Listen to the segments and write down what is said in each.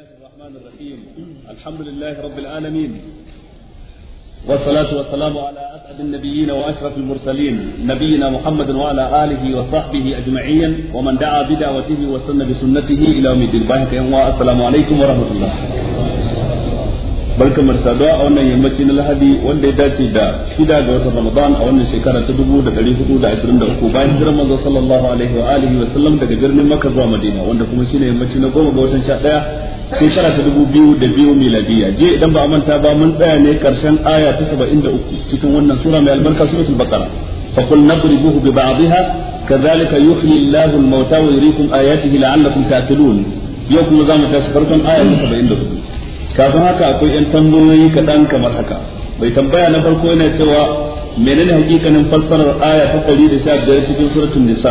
الله الرحمن الرحيم الحمد لله رب العالمين والصلاة والسلام على أسعد النبيين وأشرف المرسلين نبينا محمد وعلى آله وصحبه أجمعين ومن دعا بدعوته وسن بسنته إلى يوم الدين السلام عليكم ورحمة الله barkan marsa da a wannan yammaci na lahadi wanda ya dace da shida ga watan ramadan a wannan shekara ta dubu da dari hudu da ashirin da uku bayan jiran manzo sallallahu alaihi wa alihi wa sallam daga birnin makka zuwa madina wanda kuma shine yammaci na goma ga watan sha daya shekara ta dubu biyu da biyu miladiya je idan ba a manta ba mun tsaya ne karshen aya ta saba'in da uku cikin wannan sura mai albarka suratul baqara na qul buhu bi ba'dihha kazalika yuhyi Allahu al-mauta wa yuriikum ayatihi la'allakum ta'qilun yau kuma zamu tashi farkon aya ta saba'in da uku kafin haka akwai yan tambayoyi kaɗan kamar haka bai tambaya na farko yana cewa menene hakikanin fassarar aya ta ɗari da sha biyar cikin suratul nisa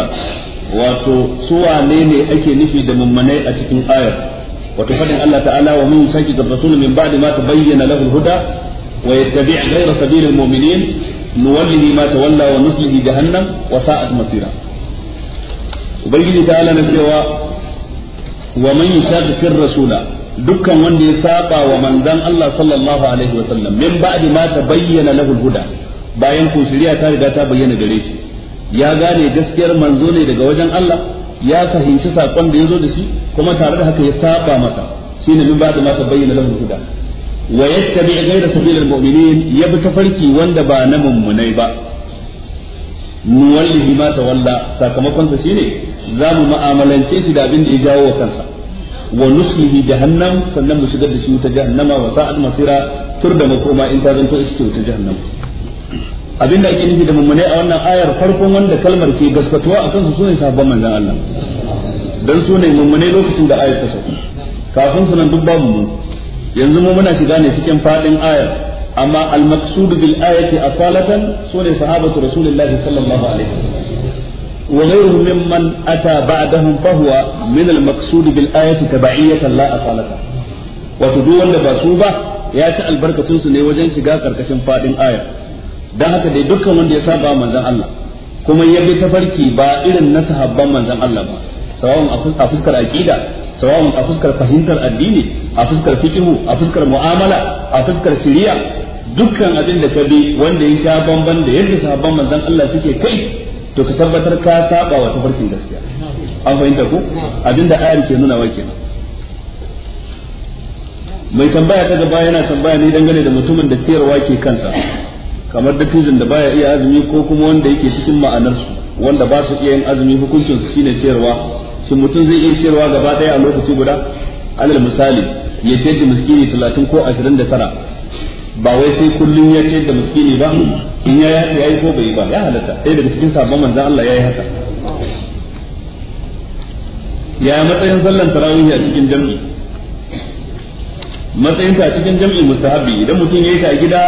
wato su wane ne ake nufi da mummanai a cikin ayar wata fadin Allah ta'ala wa min shaqiqir rasul min ba'di ma tabayyana lahu al-huda wa yattabi' ghayra sabilil mu'minin nuwallihi ma tawalla wa nuslihi jahannam wa sa'at masira ubangiji ta'ala na cewa wa man dukkan wanda ya saba wa manzan Allah sallallahu alaihi wa sallam min ba'di ma tabayyana lahu al-huda bayan ko shari'a ta riga ta bayyana gare shi ya gane gaskiyar manzo ne daga wajen Allah ya fahimci sakon da ya zo da shi kuma tare da haka ya saba masa shine min ba'da masa bayyana lahu huda wa yattabi ghayra sabilil mu'minin ya bi tafarki wanda ba na mummunai ba wallahi ma walla sakamakon sa shine zamu mu'amalance shi da abin da ya jawo wa kansa wa nuslihi jahannam sannan mu shigar da shi ta jahannama wa sa'ad masira tur da makoma in ta zanto ita ce wuta jahannama abinda ake nufi da mummune a wannan ayar farkon wanda kalmar ke gaskatuwa a kansu sune sahabban manzan Allah dan su ne mummune lokacin da ayar ta sauka kafin su nan duk babu mu yanzu mu muna shiga ne cikin fadin ayar amma al-maqsud bil ayati asalatan sune sahabatu rasulullahi sallallahu alaihi وغيره ممن أتى بعدهم فهو من wato duk wanda ba su ba ya ci albarkatun su ne wajen shiga karkashin fadin ayar. dan haka dai dukkan wanda ya saba manzon Allah kuma ya bi tafarki ba irin na sahabban manzon Allah ba sawa'un a fuskar aqida sawa'un a fuskar fahimtar addini a fuskar fiqhu a fuskar mu'amala a fuskar shari'a dukkan abin da ka bi wanda ya sha bamban da yadda sahabban manzon Allah suke kai to ka tabbatar ka saba wa tafarkin gaskiya an fahimta ko abinda ayar ke nuna wake mai tambaya ta gaba yana tambaya ne dangane da mutumin da siyarwa ke kansa kamar dattijin da baya iya azumi ko kuma wanda yake cikin ma'anarsu wanda ba su iya yin azumi hukuncin su shine ciyarwa shi mutum zai iya ciyarwa gaba daya a lokaci guda alal misali ya ce da miskini talatin ko ashirin da tara ba wai sai kullum ya ce da miskini ba in ya yi ya yi ko bai ba ya halatta sai daga cikin sabon manzon Allah ya yi haka ya matsayin sallan tarawih a cikin jam'i matsayin ta cikin jam'i mustahabi idan mutum ya yi ta a gida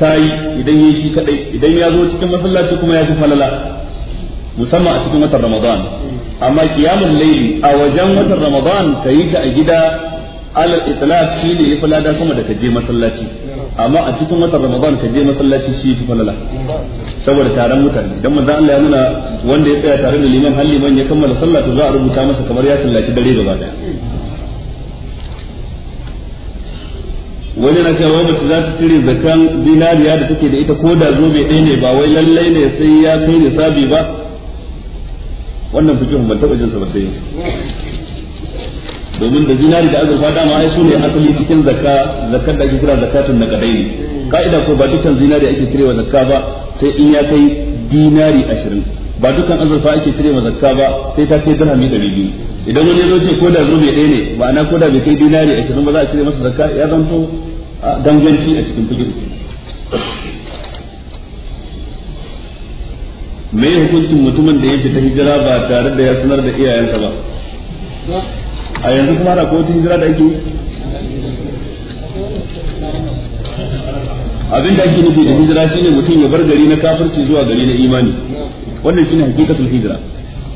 ta yi idan yi shi kadai idan ya zo cikin masallaci kuma ya fi falala musamman a cikin watan ramadan amma kiyamun layli a wajen watan ramadan ka yi ta a gida alal itlaq shi ne ya falada sama da ka je masallaci amma a cikin watan ramadan ka je masallaci shi fi falala saboda taron mutane idan manzo Allah ya nuna wanda ya tsaya tare da liman halliman ya kammala sallah to za a rubuta masa kamar ya tallaci dare gaba daya wani na cewa mace za ta cire zakan dinariya da take da ita ko da zobe ɗaya ne ba wai lallai ne sai ya kai nisabi ba wannan fikihun ban taɓa jinsa ba sai domin da zinari da azurfa dama ai su ne asali cikin zakka zakkar da ake kira zakatun na kadai ne ka'ida ko ba dukkan zinari ake cire wa zakka ba sai in ya kai dinari ashirin ba dukkan azurfa ake cire wa zakka ba sai ta kai dirhami ɗari biyu idan wani zo ce ko da zobe ɗaya ne ma'ana ko da bai kai dinari ashirin ba za a cire masa zakka ya zanto danganci a cikin fijin me hukuncin mutumin da ya ta hijira ba tare da ya sanar da iyayensa ba a yanzu kuma da kowace hijira da ake abin da ake nufi da hijira shine mutum ya bar gari na kafirci zuwa gari na imani wannan shine hakikatul hijira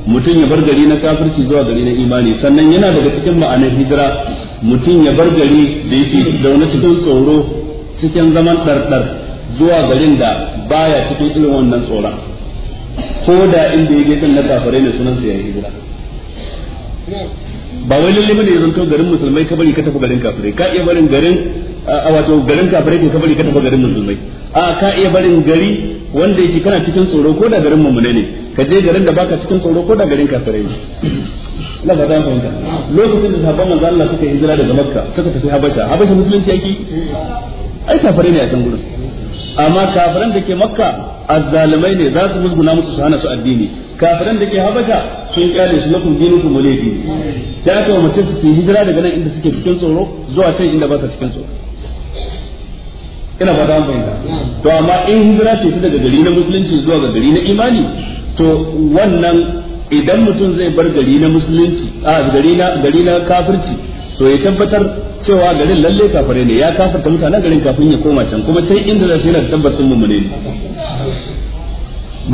mutum ya bar gari na kafirci zuwa gari na imani sannan yana daga cikin ma'anar hijira mutum ya bar gari da yake zaune cikin tsoro cikin zaman ɗarɗar zuwa garin da baya cikin irin wannan tsoron ko da inda yake kan na kafirai ne sunan sa ya hijira ba wai lalle bane yanzu garin musulmai ka bari ka tafi garin kafirai ka iya barin garin a wato garin kafirai ka bari ka tafi garin musulmai a ka iya barin gari wanda yake kana cikin tsoro ko da garin mummune ne ka je garin da baka cikin tsoro ko da garin kafirai ne na ba za fahimta lokacin da sahabban manzo Allah suka hijira daga Makka suka tafi Habasha Habasha musulunci yake ai kafirai ne a can gurin amma kafiran da ke Makka azzalumai ne za su musguna musu su hana su addini kafiran da ke Habasha sun kyale su lakum su waliyi da aka wa mace su hijira daga nan inda suke cikin tsoro zuwa can inda ba su cikin tsoro ina ba za fahimta to amma in hijira ce ta daga gari na musulunci zuwa ga gari na imani to wannan idan mutum zai bar gari na musulunci a gari na gari na kafirci to ya tabbatar cewa garin lalle kafare ne ya kafarta mutanen garin kafin ya koma can kuma sai inda zai yana tabbatar mummune ne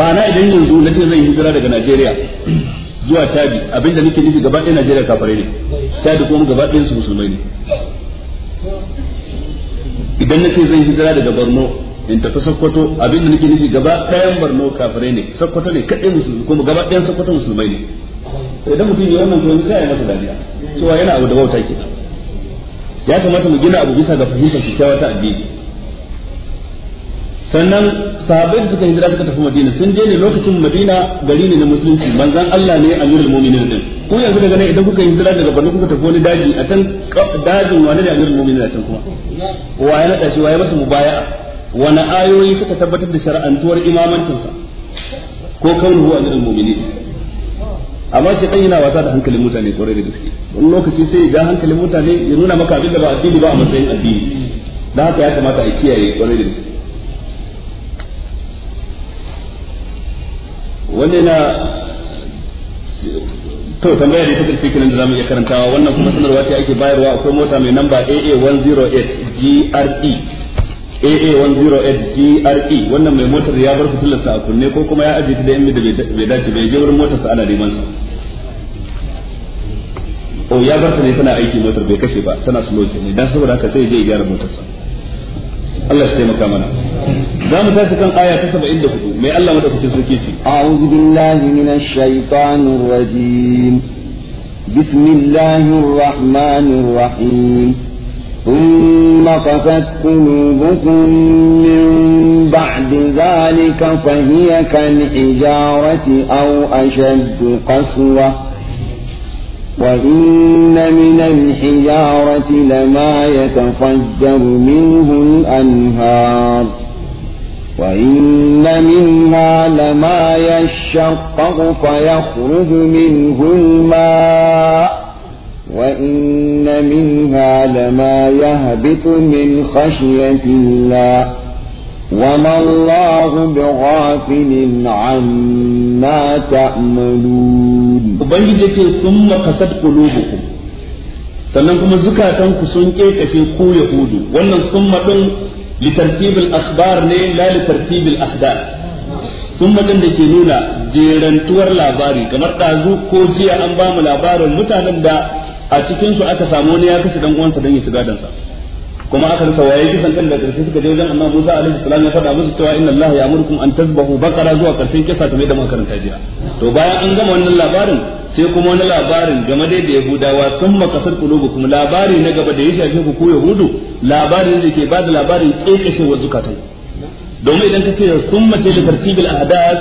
ba na idan yanzu na ce zai hijira daga Najeriya zuwa Chadi abinda nake nufi gaba ɗaya Najeriya kafare ne Chadi kuma gaba ɗayan su musulmai ne idan na ce zai hijira daga Borno in tafi sakkwato abin da nake nufi gaba ɗayan barno kafirai ne sakkwato ne kaɗai musulmi kuma gaba ɗayan sakkwato musulmai ne idan mutum ya wannan kuma sai ya masa dariya cewa yana abu da bauta ke ya kamata mu gina abu bisa ga fahimtar kyakkyawa ta addini sannan sahabbai da suka hijira suka tafi madina sun je ne lokacin madina gari ne na musulunci manzon Allah ne amirul mu'minin din ko yanzu daga nan idan kuka hijira daga Borno kuka tafi wani daji a can dajin wani ne amirul mu'minin a can kuma Wa ya nada shi wa ya masa mubaya'a wani ayoyi suka tabbatar da shari'antuwar imamancinsa ko kaunuhu amirul mumini amma shi dan yana wasa da hankalin mutane kwarai da gaske wani lokaci sai ya ja hankalin mutane ya nuna maka abin da ba addini ba a matsayin addini da haka ya kamata a kiyaye kwarai da gaske wanda yana to tambaya da take cikin da zamu iya karantawa wannan kuma sanarwa ce ake bayarwa akwai mota mai namba AA108 GRE AA108GRE e. wannan mai motar ya bar fitilar sa a kunne ko kuma ya ajiye ta da da bai dace bai je wurin motar sa ana neman sa o oh, ya bar ta ne tana aiki motar bai kashe ba tana slow ne dan saboda haka sai je ya gyara motar sa Allah ya taimaka mana za mu tashi kan aya ta 74 mai Allah madaukakin sarki ce a'udhu billahi minash shaitanir rajim bismillahir rahmanir rahim ثم قست قلوبكم من بعد ذلك فهي كالحجارة أو أشد قسوة وإن من الحجارة لما يتفجر منه الأنهار وإن منها لما يشقق فيخرج منه الماء وإن منها لما يهبط من خشية الله وما الله بغافل عما تعملون وبنجي ثم قسد قلوبكم sannan kuma zukatanku sun kekashe ku yahudu wannan summa din litartibil akhbar ne la litartibil ahdath summa din da ke nuna jerantuwar labari kamar ɗazu ko jiya an ba mu labarin mutanen da a cikin su aka samu ne ya kashe dan uwansa dan ya shiga dansa kuma aka rasa waye kisan kan da karshe suka je wajen annabi Musa alaihi salam ya faɗa musu cewa inna Allah ya'murukum an tazbahu baqara zuwa karshen kisa mai da makaranta jiya to bayan an gama wannan labarin sai kuma wani labarin game da da Yahudawa sun makasar kuma labari na gaba da ya shafi ku ko Yahudu labarin da ke bada labarin wa zukatan domin idan ka ce sun mace da tartibil ahdath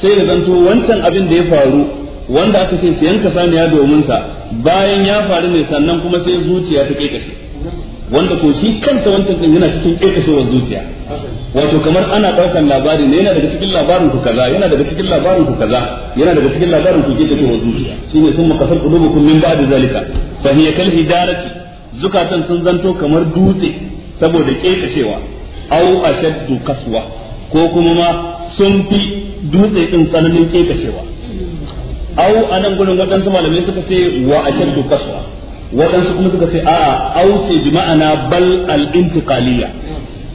sai ya zanto wancan abin da ya faru wanda aka ce sayan ka saniya domin sa bayan ya faru ne sannan kuma sai zuciya ta kekashe wanda ko shi kanta wancan din yana cikin kekashewar zuciya wato kamar ana daukan labari ne yana daga cikin labarin ku kaza yana daga cikin labarin ku kaza yana daga cikin labarin ku kekashewar zuciya shine sun makasar qulubukum min ba'd zalika fa hiya kal hidarati zukatan sun zanto kamar dutse saboda kekashewa au ashaddu kaswa ko kuma ma sun fi dutse din tsananin kekashewa au anan gurin waɗansu malamai suka ce wa a ashaddu kasuwa waɗansu kuma suka ce a au ce bi ma'ana bal al intiqaliyya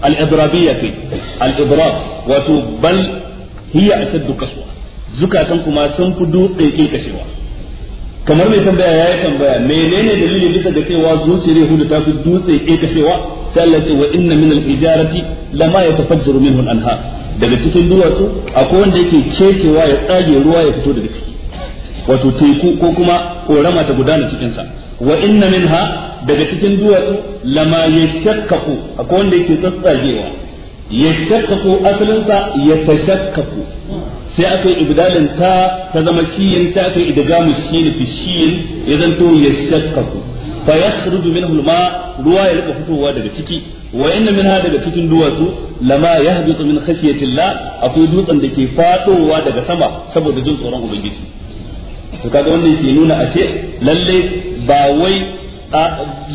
al idrabiyya ce al idrab wato bal hiya ashaddu kasuwa zukatan kuma sun fi dutse ke kashewa kamar mai tambaya yi tambaya menene dalilin bisa ga cewa zuciyar yahuda ta fi dutse ke kashewa sai Allah ce wa inna min al ijarati lama yatafajjaru minhu al anhar daga cikin duwatsu akwai wanda yake cecewa ya tsage ruwa ya fito daga ciki wato teku ko kuma korama ta gudana cikin sa wa inna minha daga cikin duwatsu lama yashaqqaqu akwai wanda yake tsatsagewa yashaqqaqu asalin sa yatashaqqaqu sai aka yi ibdalin ta ta zama shiyin sai aka yi idgamu shiyin fi shiyin ya zanto yashaqqaqu fa yakhruju minhu alma ruwa ya rika fitowa daga ciki wa inna minha daga cikin duwatsu lama yahbitu min khashyati llah akwai dutsen da ke fadowa daga sama saboda jin tsoron ubangiji to kaga wannan ke nuna ashe lalle ba wai a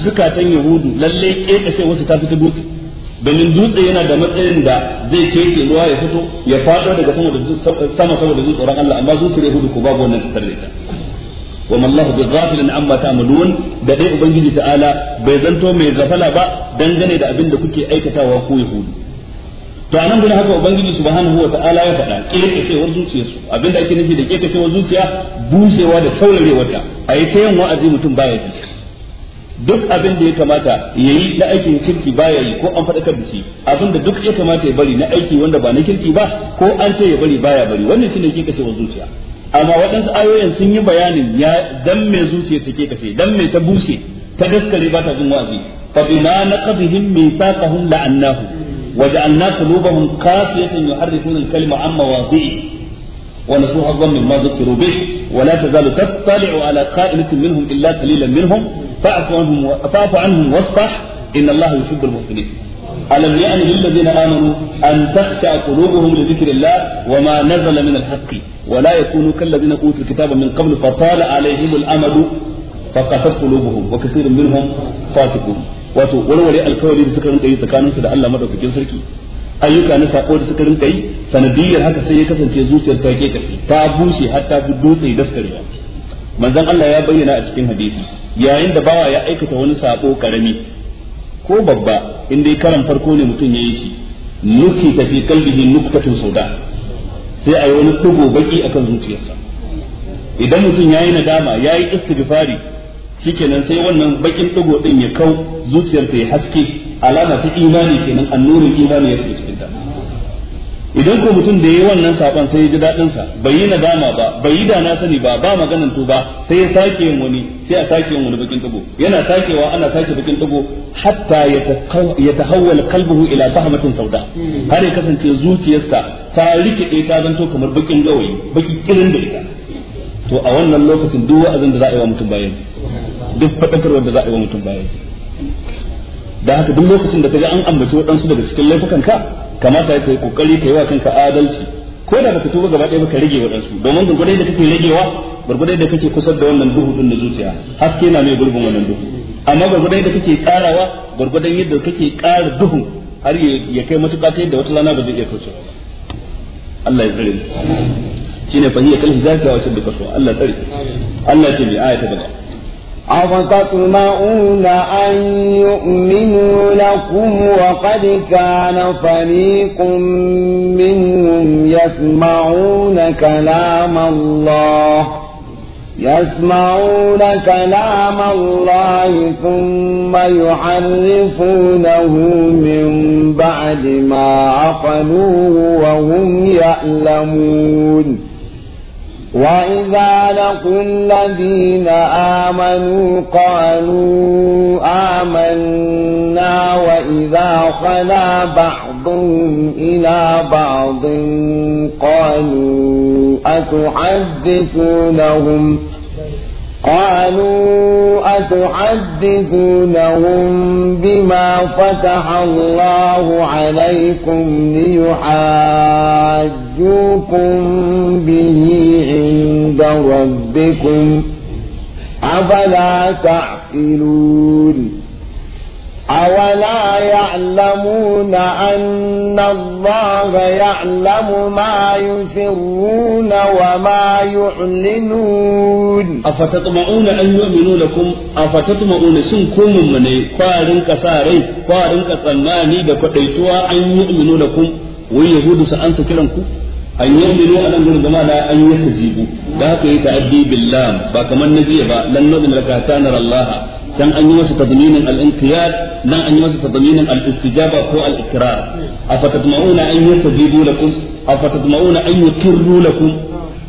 zukatan yahudu lalle kekashe wasu ta fita dutse domin dutse yana da matsayin da zai keke ruwa ya fito ya fado daga sama saboda zuwa tsoron Allah amma zuciyar yahudu ko babu wannan tsare ta wa mallahu bi ghafilin amma ta'malun da dai ubangiji ta'ala bai zanto mai gafala ba dangane da abin da kuke aikatawa ku yahudu to anan gudun haka ubangiji subhanahu wa ta'ala ya faɗa kekacewar zuciyarsu abinda ake nufi da kekacewar zuciya bushewa da taurarewarta a yi ta yin wa'azi mutum baya ji duk abin da ya kamata ya yi na aikin kirki baya yi ko an faɗakar da shi abin da duk ya kamata ya bari na aiki wanda ba na kirki ba ko an ce ya bari baya bari wannan shine kekacewar zuciya amma waɗansu ayoyin sun yi bayanin ya dan mai zuciya ta kekace dan mai ta bushe ta daskare ba ta jin wa'azi fa bima naqadhihim mithaqahum la'annahu وجعلنا قلوبهم قاسية يحرفون الكلمة عن مواضعه ونسوا حظا مما ذكروا به ولا تزال تطلع على خائنة منهم إلا قليلا منهم فاعف عنهم فاعف عنهم واصفح إن الله يحب المحسنين ألم يأن للذين آمنوا أن تخشع قلوبهم لذكر الله وما نزل من الحق ولا يكونوا كالذين أوتوا الكتاب من قبل فطال عليهم الأمد فقست قلوبهم وكثير منهم فاسقون wato warware alkawari da suka rinka yi tsakaninsu da Allah madaukakin sarki ayyuka na sako da suka rinka yi sanadiyar haka sai ya kasance zuciyar ta ke kashi ta bushe har ta fi dutse daskarewa manzon Allah ya bayyana a cikin hadisi yayin da bawa ya aikata wani sako karami ko babba in dai karan farko ne mutum ya yi shi nuki ta fi kalbihi nuktatun sauda sai a yi wani tugo baki akan zuciyarsa idan mutum ya yi nadama ya yi istighfari shikenan sai wannan bakin digo din ya kau zuciyar ta ya haske alama ta imani kenan annurin imani ya shiga cikin ta idan ko mutum da yi wannan sabon sai ya ji dadin sa bai yi nadama ba bai yi da na sani ba ba maganan to ba sai ya sake yin wani sai a sake yin wani bakin digo yana sakewa ana sake bakin digo hatta ya tahawwala qalbuhu ila fahmatin sauda har ya kasance zuciyarsa ta rikide ta zanto kamar bakin gawayi baki kirin da ita to a wannan lokacin duk wa'azin da za a yi wa mutum bayan duk faɗakar wanda za a yi wa mutum baya ji da haka duk lokacin da ka ga an ambaci waɗansu daga cikin laifukan ka kamata ka yi kokari ka yi wa kanka adalci ko da baka tuba gaba ɗaya baka rage waɗansu domin gurgurai da kake ragewa gurgurai da kake kusa da wannan duhu din da zuciya haske na mai gurbin wannan duhu amma gurgurai da kake karawa gurgurai yadda kake ƙara duhu har ya kai matuƙa ta yadda wata lana ba zai iya kauce ba Allah ya tsare mu shine fahiyya kal hizaka wa shaddu kaswa Allah tsare Allah ya ce bi ayata gaba أفتطمعون أن يؤمنوا لكم وقد كان فريق منهم يسمعون كلام الله يسمعون كلام الله ثم يحرفونه من بعد ما عقلوه وهم يعلمون وإذا لقوا الذين آمنوا قالوا آمنا وإذا خلا بعض إلى بعض قالوا أتحدثونهم قالوا أتحدثونهم بما فتح الله عليكم ليحاج يأتوكم به عند ربكم أفلا تعقلون أولا يعلمون أن الله يعلم ما يسرون وما يعلنون أفتطمعون أن يؤمنوا لكم أفتطمعون سنكم من فارن كساري فارن كسلماني دكتيتوا أن يؤمنوا لكم ويهود سأنسى كلامكم an yamilu anan gurin zama da an jibu da haka yi ta'addi billam ba kamar na jiya ba lan nazin laka tanar Allah dan an yi masa tadminin al-inqiyad dan an yi masa tadminin al-istijaba ko al-ikrar afatatma'una an yakajibu lakum afatatma'una an yuqirru lakum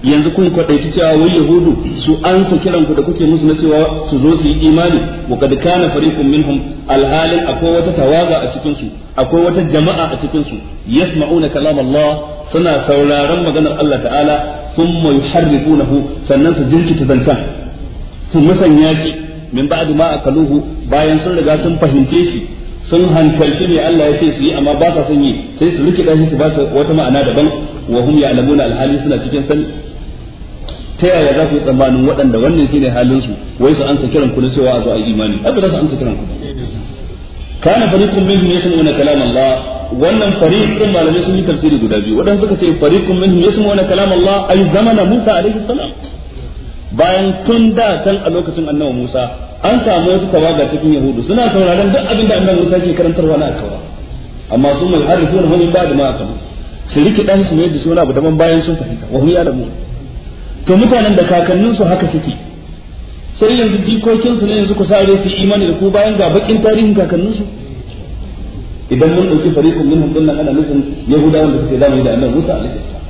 yanzu kun kwadaita cewa wai yahudu su an ta kiran ku da kuke musu na cewa su zo su yi imani wa kad kana fariqun minhum alhalin akwai wata tawaga a cikin su akwai wata jama'a a cikin su yasma'una kalam Allah suna sauraron maganar Allah ta'ala thumma yuharrifunahu sannan su jirkita zancan su musanya shi min ba'd ma akaluhu bayan sun riga sun fahimce shi sun hankalci ne Allah ya ce su yi amma ba sa son yi sai su rikida shi su ba su wata ma'ana daban wa hum ya'lamuna alhali suna cikin sani ta yaya za ku yi tsammanin waɗanda wannan shine halin su wai su ansa kiran ku na cewa a zo a imani ai ba za su ansa kiran ku kana fariqun minhum yasma'una kalam Allah wannan fariq din malamai sun yi tafsiri guda biyu wadanda suka ce fariqun minhum yasma'una kalam Allah ay zamana Musa alaihi salam bayan tun da san a lokacin annabi Musa an samu wata tawaga cikin yahudu suna sauraron duk abin da annabi Musa ke karantarwa na kawa amma sun malharifun hum min ba'd ma aqamu su riki dan su ne da suna abu daban bayan sun fahimta wa hum ya'lamun to mutanen da kakanninsu haka suke sai yanzu jikokinsu ne yanzu ku sa rai su imani da ku bayan ga bakin tarihin kakanninsu idan mun dauki fariqun minhum dinnan ana nufin yahudawan da suke zamani da annabi Musa alaihi salam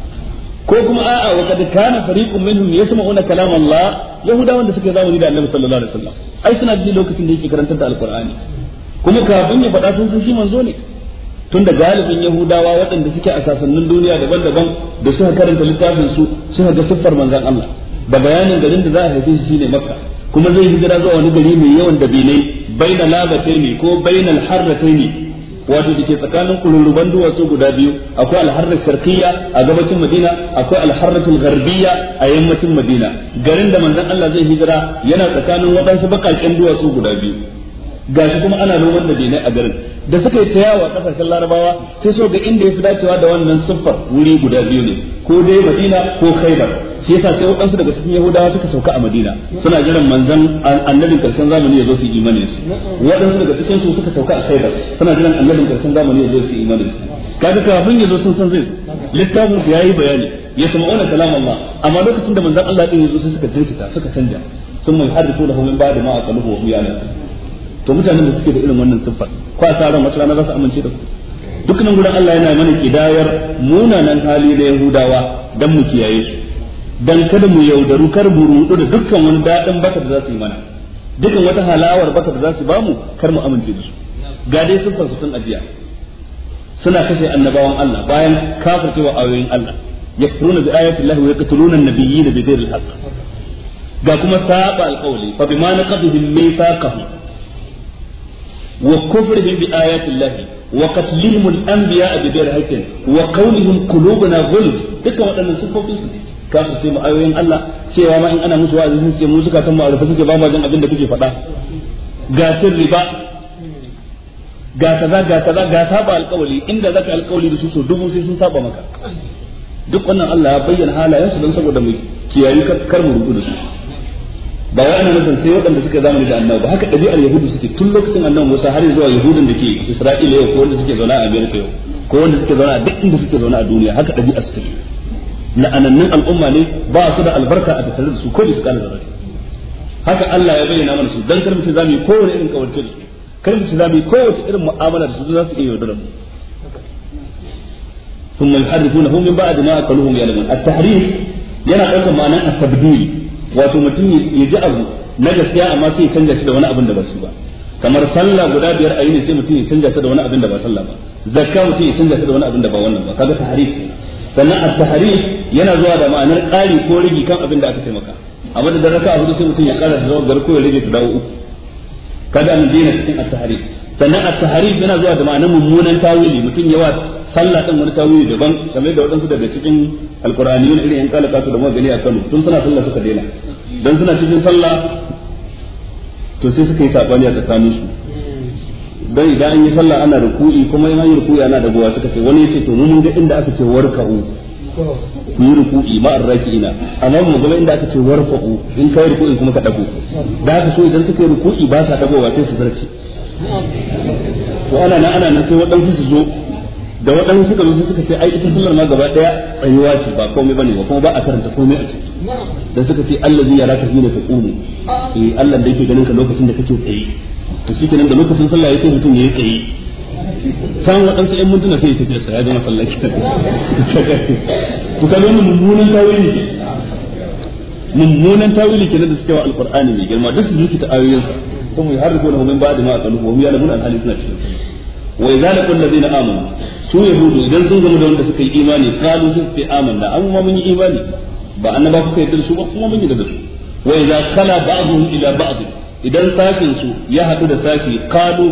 ko kuma a'a wa kad kana fariqun minhum yasma'una kalam Allah yahudawan da suke zamani da annabi sallallahu alaihi wasallam ai suna ji lokacin da yake karantar da alqur'ani kuma kafin ya faɗa sun san shi manzo ne Tun da galibin yahudawa waɗanda suke a sassanin duniya daban-daban da suka karanta littafin su suka ga siffar manzon Allah da bayanin garin da za a haife shi shine makka kuma zai hijira zuwa wani gari mai yawan dabinai baina labatini ko baina alharrataini wato dake tsakanin kururuban duwatsu guda biyu akwai alharrar sharqiyya a gabacin madina akwai alharratul gharbiyya a yammacin madina garin da manzon Allah zai hijira yana tsakanin waɗansu bakakken duwatsu guda biyu gashi kuma ana noman dabinai a garin da suka yi ta yawa kasashen larabawa sai so ga inda ya fi dacewa da wannan siffar wuri guda biyu ne ko dai madina ko khaibar shi yasa sai waɗansu daga cikin yahudawa suka sauka a madina suna jiran manzan annabin karshen zamani ya zo su imani su waɗansu daga cikin su suka sauka a khaibar suna jiran annabin karshen zamani ya zo su imani su kaga kafin ya zo sun san zai littafin su yayi bayani ya sama'una kalam Allah amma lokacin da manzan Allah din ya zo sai suka jinkita suka canja sun mai harifu da homin ba da ma aqaluhu wa miyana to mutanen da suke da irin wannan siffar ko a tsaron wata rana za su amince da ku dukkanin gudan Allah yana mana kidayar munanan hali da Yahudawa dan mu kiyaye su dan kada mu yaudaru kar mu rudu da dukkan wani dadin baka da za su yi mana dukkan wata halawar baka da za su bamu kar mu amince da su ga dai sun fasu tun ajiya suna kashe annabawan Allah bayan kafircewa ayoyin Allah yakfuruna bi ayati Allah wa yaqtuluna an-nabiyyina bi ghairi al-haqq ga kuma saba alqawli fa bima naqadhihim mithaqahum wa kufrihim bi ayati Allah wa qatlihim al-anbiya bi ghairi haqqin wa qawlihim qulubuna ghulf dukkan waɗannan sun su kasu ce mu ayoyin Allah cewa ma in ana musu wa'azi sun ce mu suka kan mu a rufe suke ba ma jin abin da kuke faɗa ga sirri ba ga kaza ga kaza ga saba alƙawali inda zaka alƙawali da su so dubu sai sun saba maka duk wannan Allah ya bayyana su don saboda mu kiyayi kar mu rubu da su ba wai ana nufin sai waɗanda suka zamani da annabi ba haka ɗabi'ar yahudu suke tun lokacin annabi Musa har zuwa yahudun da ke Isra'ila yau ko wanda suke zauna a Amerika yau ko wanda suke zauna a duk inda suke zauna a duniya haka ɗabi'ar suke la'anannun al'umma ne ba su da albarka a tattare da su ko su kana zarra haka Allah ya bayyana mana su dan karmi za mu yi kowane irin kawance da su karmi za mu yi kowace irin mu'amala da su za su iya yaudara mu ثم يحرفونه من بعد ما أكلوهم يعلمون التحريف yana ɗaukar ma'anar asabdili wato mutum ya ji abu na gaskiya amma sai ya canja shi da wani abin da ba su ba kamar sallah guda biyar a yi ne sai mutum ya canja ta da wani abin da ba sallah ba zakka mutum ya canja ta da wani abin da ba wannan ba kaga tahrif sannan at yana zuwa da ma'anar ƙari ko rigi kan abin da aka ce maka a da raka a hudu sai mutum ya ƙara da zawar ko ya rage ta dawo uku kada an dina cikin at sannan at yana zuwa da ma'anar mummunan tawili mutum yawa sallah din wani tawili daban kamar da waɗansu daga cikin alqur'aniyun irin yan kalaka su da magani a Kano tun suna sallah suka dena. dan suna cikin sallah to sai suka yi sabani a tsakaninsu dan idan an yi sallah ana ruku'i kuma in an yi ruku'i ana dagowa suka ce wani yace to mun ga inda aka ce warka'u ku yi ruku'i ma arraki'ina amma mu ga inda aka ce warfa'u in kai ruku'i kuma ka dago da aka so idan suka yi ruku'i ba sa dagowa sai su zarce to ana nan ana nan sai waɗansu su zo da waɗansu suka zo suka ce ai ita sallar ma gaba ɗaya tsayuwa ce ba komai bane ba kuma ba a karanta komai a ciki dan suka ce allazi yaraka hina taqumu eh Allah da yake ganin ka lokacin da kake tsaye to shikenan da lokacin sallah ya kai mutum ya yi tsaye can waɗansu ƴan mintuna sai ya tafi sa ya zama sallah to kaga wannan mummunan tawili ne mummunan tawili kenan da suke wa alqur'ani mai girma duk su zuki ta ayoyinsa sun yi harrifu na ba ba'da ma aqalu wa hum ya'lamun an halina cikin wa idza laqul ladina amanu su ya yahudu idan sun zama da wanda suka yi imani qalu sun fi amanna amma mun yi imani ba annaba kuka yarda da su ba kuma mun yi da su wa idza khala ba'dhum ila ba'd idan sashin su ya haɗu da sashi kalu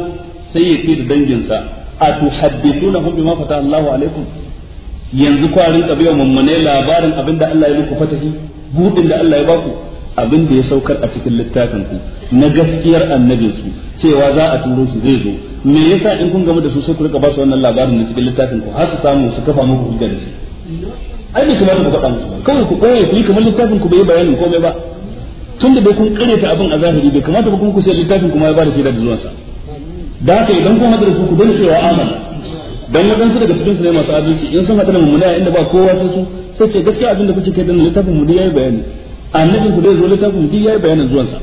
sai ya ce da danginsa a tuhaddithuna hum bima fata Allahu alaikum yanzu kwarin kabewa mummune labarin abin da Allah ya muku fatahi budin da Allah ya baku abin da ya saukar a cikin littafin ku na gaskiyar annabin su cewa za a turo su zai zo me yasa in kun gama da su sai ku rika ba su wannan labarin na cikin littafin ku har su samu su kafa muku hujja da shi ai ne kamata ku faɗa musu ba kawai ku koye ku yi kamar littafin ku bai bayanin komai ba Tun da dai kun ta abin a zahiri bai kamata ba kuma ku sai littafin kuma ya ba da shaida da zuwansa da haka idan kun hadar ku dole cewa amana dan wadansu daga cikin su ne masu adalci in sun mu mummuna inda ba kowa sai su sai ce gaskiya abin da kuke kai dan littafin mu dai yayi bayani annabin ku dai zo littafin mu dai yayi bayanin zuwansa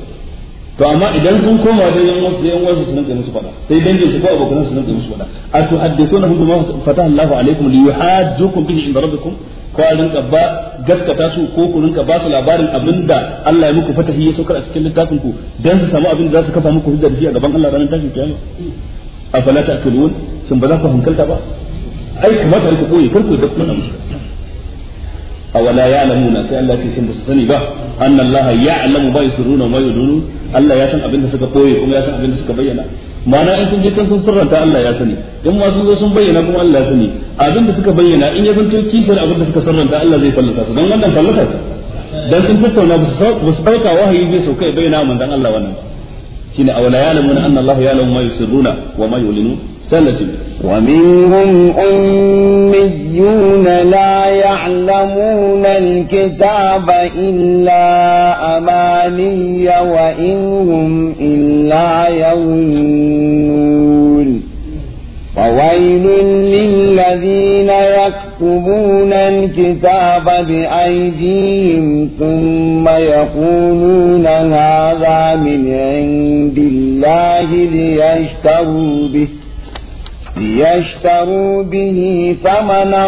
to amma idan sun koma da yan wasu yan wasu su rinka musu fada sai dangin su ko abokan su rinka musu fada atu haddathuna hum ma fataha Allahu alaikum li yuhajjukum bihi inda rabbikum ko rinka ba gaskata su ko ku rinka ba su labarin abinda Allah ya muku fatahi ya saukar a cikin littafin ku dan su samu abin da za su kafa muku hujja a gaban Allah ranar tashin kiyama afala ta'qilun sun ba za ku hankalta ba ai kamata ku koyi kar ku da kuma musu awala ya'lamuna sai Allah ya ce shin ba su sani ba annallaha ya ya'lamu ba yusirruna wa ma Allah ya san abinda suka koye kuma ya san abinda suka bayyana ma'ana in sun je can sun Allah ya sani in ma sun zo sun bayyana kuma Allah ya sani abin suka bayyana in ya zanto kishar abin suka sirranta Allah zai fallasa su don wannan fallasa su dan sun tattauna ba su dauka wahayi zai sauka ya bayyana manzon Allah wannan shine awla ya'lamuna anna Allah ma yusirruna wa ma yulinun ومنهم أميون لا يعلمون الكتاب إلا أماني وإن هم إلا يظنون فويل للذين يكتبون الكتاب بأيديهم ثم يقولون هذا من عند الله ليشتروا به ليشتروا به ثمنا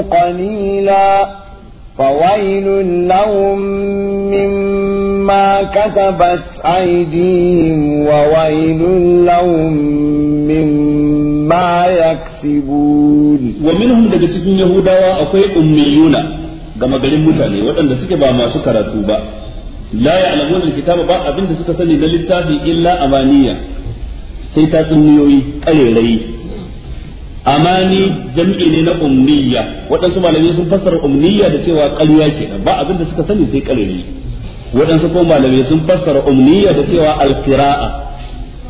قليلا فويل لهم مما كتبت أيديهم وويل لهم مما يكسبون ومنهم دقتكم يهودا وأخي أميون كما قال المتاني وأن سكبا ما سكرتوا با لا يعلمون الكتاب با أبن سكتني للتابي إلا أمانية سيتاتم نيوي أليلي amani jam'i ne na umniya waɗansu malamai sun fassara umniya da cewa ƙarya kenan ba abinda suka sani sai ƙarya waɗansu kuma malamai sun fassara umniya da cewa alqira'a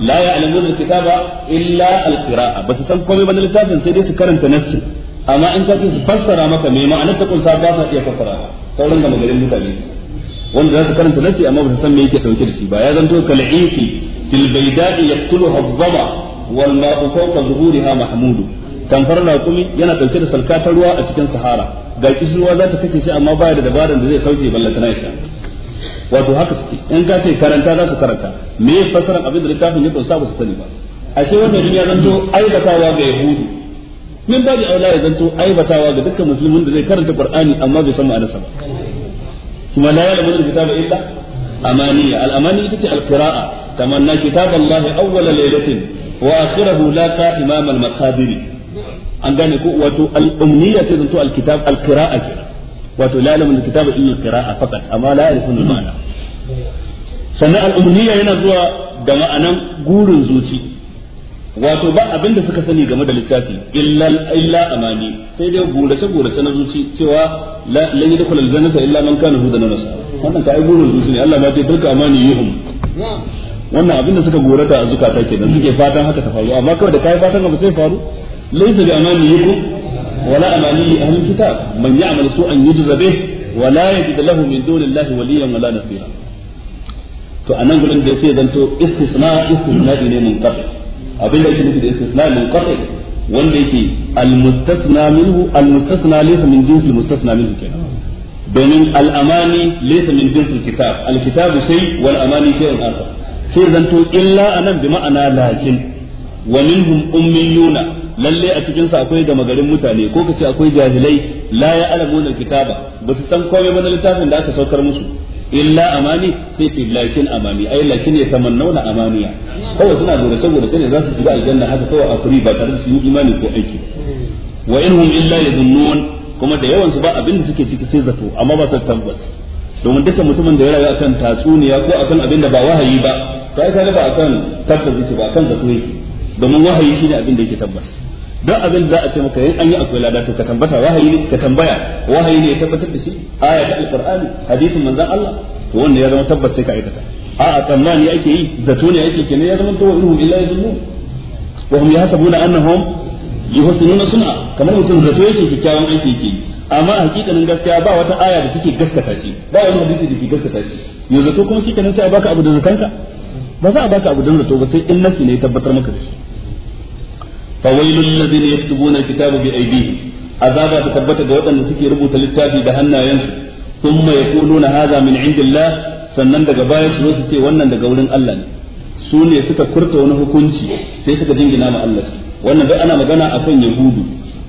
la ya'lamuna alkitaba illa alqira'a ba su san komai ba na littafin sai dai su karanta nassi amma in ka su fassara maka me ma'anar ta kunsa ba sa iya fassara sauran ga magarin mutane wanda za su karanta nassi amma ba su san me yake dauke da shi ba ya zanto kal'isi fil bayda'i yaqtuluha adh-dhama wal ma'u fawqa zuhuriha mahmudu tamfar raƙumi yana ɗauke da salka ta ruwa a cikin sahara ga kishirwa za ta kashe shi amma baya da dabaran da zai sauke ballantana ya wato haka suke in ka ce karanta za su karanta me ya fasaran abin da littafin ya kunsa ba su sani ba ashe wannan din ya zanto aibatawa ga yahudu min baji aula ya zan zanto aibatawa ga dukkan musulmin da zai karanta qur'ani amma bai san ma'anarsa ba kuma la ya'lamu al-kitaba illa amaniya al-amani ita ce al-qira'a tamanna kitaballahi awwala laylatin wa akhirahu laqa imam al-maqadir an gane ko wato al umniya sai zanto al-kitab al-qira'a wato lalamin kitab al illa al-qira'a fakat amma la yarifun al-ma'na sannan al umniya yana zuwa da ma'anan gurin zuci wato ba abin da suka sani game da littafi illa illa amani sai dai gurace gurace na zuci cewa la la yadkhul al-jannata illa man kana hudan nas wannan kai gurin zuci ne Allah ya ce amani amaniyuhum wannan abin da suka gorata a zukata kenan suke fatan haka ta faru amma kawai da kai fatan ba sai faru laysa bi amaniyikum wala amaniyi ahlul kitab man ya'mal su'an yujza bih wala yajid lahu min dunillahi waliyyan wala nasira to anan gurin da yake zanto istisna istisna ne mun kafa abin da yake nufi da istisna mun kafa wanda yake almustasna minhu almustasna laysa min jinsi almustasna minhu kenan domin al'amani laysa min jinsi alkitab alkitabu sai wal amani shay'un akhar sai zanto illa anan bi ma'ana lakin wa minhum ummiyuna lalle a cikin sa akwai gama garin mutane ko kace akwai jahilai la ya ya'lamuna kitaba ba su san komai ba na littafin da aka saukar musu illa amani sai ce lakin amani ai lakin ya tamannauna amaniya kawai suna dora saboda sai za su shiga aljanna haka kawai a kuri ba tare da su yi imani ko aiki wa inhum illa yadhunnun kuma da yawan su ba abin da suke ciki sai zato amma ba su tabbas domin dukkan mutumin da ya rayu akan tatsuniya ko akan abin da ba wahayi ba kai ka ba akan tabbas yake ba akan zato yake domin wahayi shine abin da yake tabbas don abin za a ce maka yin an yi akwai lada to ka tambata wahayi ne ka tambaya wahayi ne ya tabbatar da shi aya ta alqur'ani hadisin manzon Allah to wanda ya zama tabbas sai ka aikata a'a tsammani ake yi zato ne ake kenan ya zama to wa inhum illa yadhunnu wa hum yahsabuna annahum yuhsinuna sun'a kamar mutum zato yake kikkiawan aiki yake amma hakikanin gaskiya ba wata aya da take gaskata shi ba wani hadisi da ke gaskata shi yanzu to kuma shi kenan sai a baka abu da zatanka ba za a baka abu da zato ba sai in nasi ne ya tabbatar maka da shi fawailul ladina yaktubuna alkitaba bi aydihim azaba ta tabbata ga waɗanda suke rubuta littafi da hannayensu thumma yaquluna hadha min indillah sannan daga baya su zo su ce wannan daga wurin Allah ne su ne suka kurta wani hukunci sai suka jingina ma Allah wannan duk ana magana akan yahudu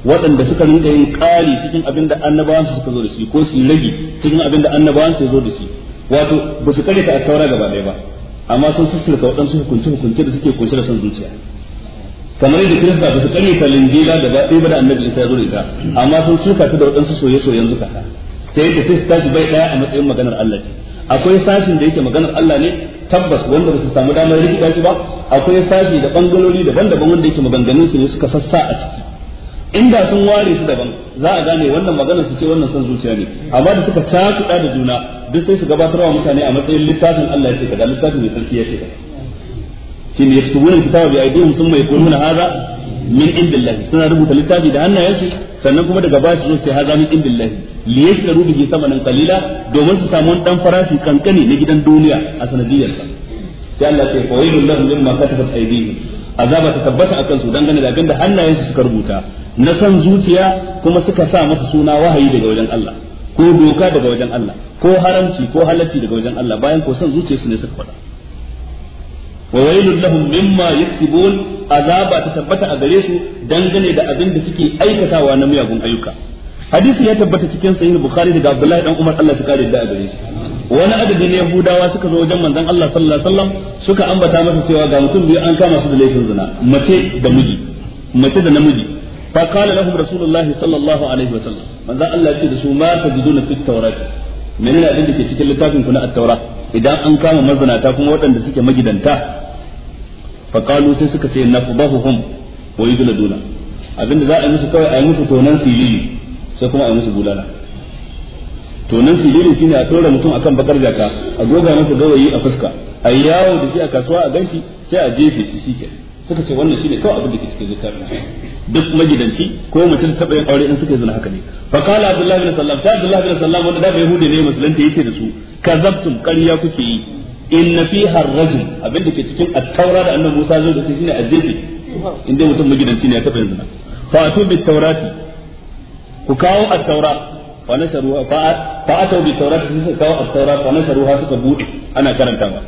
waɗanda suka rinka yin ƙari cikin abin da annabawan suka zo da shi ko su rage cikin abin da annabawan su zo da shi wato ba su kare ta a taura gaba ɗaya ba amma sun sussurka waɗansu hukunce hukunce da suke kunshe da son zuciya kamar yadda kirista ba su ta linjila da ɗaya ba da annabi isa ya zo da amma sun suka ta da waɗansu soye-soyen zukata ta yadda sai su tashi bai ɗaya a matsayin maganar Allah ce akwai sashin da yake maganar Allah ne tabbas wanda ba su samu damar rikida shi ba akwai sashi da bangalori daban-daban wanda yake maganganun su ne suka sassa a ciki inda sun ware su daban za a gane wannan maganar su ce wannan son zuciya ne amma da suka cakuɗa da juna duk sai su gabatarwa mutane a matsayin littafin Allah ya ce kaza littafin mai sarki ya ce kaza shine yaktubuna kitaba bi aydihim thumma yaquluna hadha min indillah suna rubuta littafi da hannayensu sannan kuma daga bashi zo sai hadha min indillah li yashtaru sama samanan kalila domin su samu dan farashi kankane na gidan duniya a sanadiyar sa sai Allah ya fawailul lahum mimma katabat azaba ta tabbata akan su dangane da abinda hannayensu suka rubuta na san zuciya kuma suka sa masa suna wahayi daga wajen Allah ko doka daga wajen Allah ko haramci ko halacci daga wajen Allah bayan ko san zuciyarsu ne suka faɗa wa wailul lahum mimma yaktubun azaba ta tabbata a gare su dangane da abin da suke aikatawa na miyagun ayyuka hadisi ya tabbata cikin sahih bukhari daga abdullahi dan umar Allah ya kare da a gare wani adadin ne yahudawa suka zo wajen manzon Allah sallallahu alaihi suka ambata masa cewa ga mutum biyu an kama su da laifin zina mace da miji mace da namiji fa qala lahum rasulullahi sallallahu alaihi wasallam manzon Allah ce da su ma tajiduna fit tawrat menene abin da ke cikin littafin ku na at idan an kama mazinata kuma waɗanda suke magidanta fa sai suka ce nafdahuhum wa yudladuna abinda za a yi musu kawai a yi musu tonan filili sai kuma a yi musu bulala tonan filili shine a ɗora mutum akan bakar jaka a goga masa gawayi a fuska a yawo da shi a kasuwa a ganshi sai a jefe shi shike suka ce wannan shine kawai abin da ke cikin littafin duk magidanci ko mutum taɓa yin aure in suka yi zina haka ne fa abdullahi bin sallam ta abdullahi bin sallam wanda da bai hude ne musulunta yace da su kazabtum ƙarya kuke yi inna fiha ar-rajul abinda ke cikin at-taura da annabi Musa zai dace shine ajefi inda mutum magidanci ne ya taba yanzu fa atu bi taurati ku kawo at-taura fa nasaruha fa atu bit taurati suka kawo at-taura fa nasaruha suka bude ana karantawa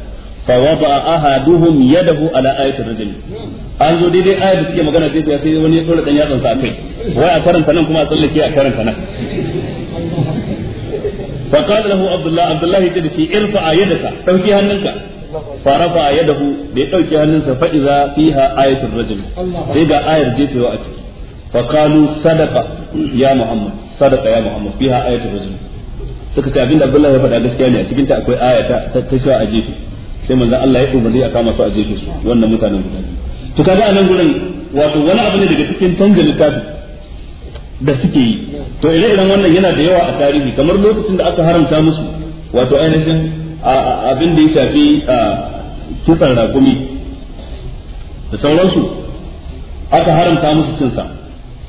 fa wada ahaduhum yadahu ala ayati ar-rajul an zo daidai ayat da suke magana sai sai wani ya tsora dan yatsan sa kai wai a karanta nan kuma a tsallake a karanta nan fa qala lahu abdullah abdullah ya ce irfa yadaka dauki hannunka farafa yadahu da ya dauki hannunsa fa iza fiha ayatul rajul sai ga ayar jefewa a ciki fa qalu ya muhammad ya muhammad suka ce abinda abdullah ya faɗa gaskiya ne a cikin ta akwai aya ta ta cewa a jefe sai manzon Allah ya umarni a kama su a jefe su wannan mutanen guda biyu to kaga anan gurin wato wani abu ne daga cikin canza littafi da suke yi to ire iren wannan yana da yawa a tarihi kamar lokacin da aka haramta musu wato ainihin abin da ya shafi kisan rakumi da sauransu aka haramta musu cinsa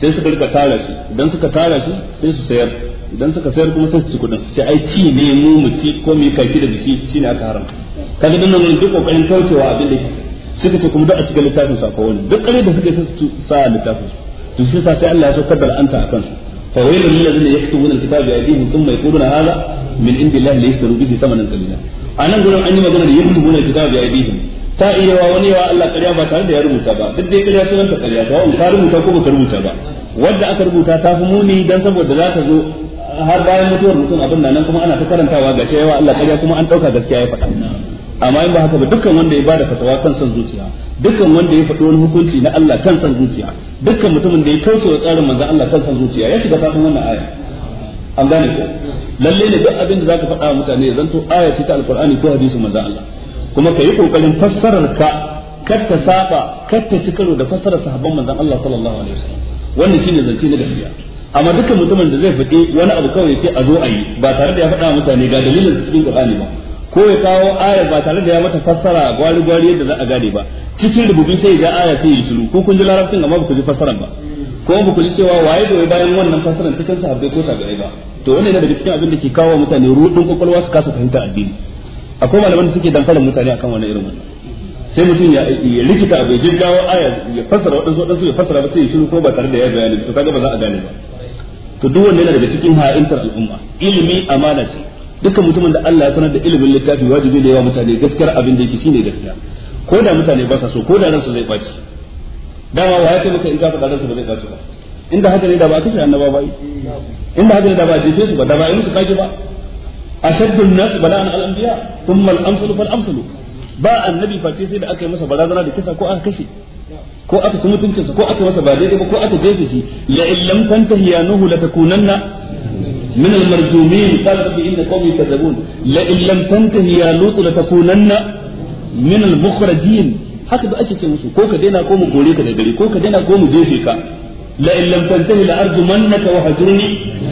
sai suka rika tara shi idan suka tara shi sai su sayar idan suka sayar kuma sai su ci kudin sai ai ci ne mu mu ci ko mu yi kaki da bishi shine aka haramta kaga dinnan mun duk kokarin kaucewa abin da suka ce kuma duk a cikin littafin su wani duk kare da suka yi su sa littafin su to shi yasa sai Allah ya saukar da la'anta akan su fa wailul lil ladzina yaktubuna alkitaba bi aydihim thumma yaquluna hadha min indillahi laysa bihi thamanan qalila anan gurin an yi magana da yaktubuna alkitaba bi aydihim ta iya wa wani wa Allah ƙarya ba tare da ya rubuta ba duk dai ƙarya sunan ta ƙarya ba ka rubuta ko baka rubuta ba wanda aka rubuta ta fi muni dan saboda za ta zo har bayan mutuwar mutum abin nan kuma ana ta karantawa ga cewa Allah ƙarya kuma an ɗauka gaskiya ya faɗa amma in ba haka ba dukkan wanda ya bada fatawa kan san zuciya dukkan wanda ya faɗi wani hukunci na Allah kan san zuciya dukkan mutumin da ya kauce wa tsarin manzon Allah kan san zuciya ya shiga fatan wannan aya an gane ko lalle ne duk abin da zaka faɗa wa mutane zanto aya ce ta alqur'ani ko hadisin manzon Allah kuma kai kokarin fassarar ka kar ta saba kar ta ci karo da fassarar sahabban manzon Allah sallallahu alaihi wasallam wannan shine zance na gaskiya amma dukkan mutumin da zai faɗi wani abu kawai ya ce a zo a yi ba tare da ya faɗa wa mutane ga dalilin cikin qur'ani ba ko ya kawo aya ba tare da ya mata fassara gwari gwari yadda za a gane ba cikin rubutu sai ya ga aya sai ya shiru ko kun ji larabcin amma ba ku ji fassaran ba ko ba ku ji cewa waye goyi bayan wannan fassaran cikin sahabbai ko tabi'ai ba to wannan yana daga cikin abin da ke kawo mutane rudin kokolwa su kasa fahimta addini akwai malaman da suke dankalin mutane akan wannan irin wannan sai mutum ya rikita abu ya jirgawo aya ya fassara wadansu wadansu ya fassara ba sai ya shiru ko ba tare da ya bayani to kaga ba za a gane ba to duk wannan yana daga cikin ha'intar al'umma ilimi amana ce dukkan mutumin da Allah ya sanar da ilimin littafi wajibi da yawa mutane gaskiyar abin da yake shine gaskiya ko da mutane ba sa so ko da ransu zai baci dama wa ya ce maka in ka faɗa ransu ba zai baci ba inda haka ne da ba kashe annaba ba inda haka ne da ba jefe su ba da ba yi musu kaji ba ashaddu an-nas bala'an al-anbiya thumma al-amsalu fal-amsalu ba annabi face sai da aka yi masa barazana da kisa ko aka kashe ko aka ci mutuncinsa ko aka masa ba daidai ba ko aka jefe shi la illam tantahi ya nuhu la من المرجومين قال رب إن قومي كذبون لئن لم تنتهي يا لوط لتكونن من المخرجين haka da ake ce musu ko ka daina ko mu gore ka da gari ko ka daina ko mu jefe ka la in lam tantahi la wa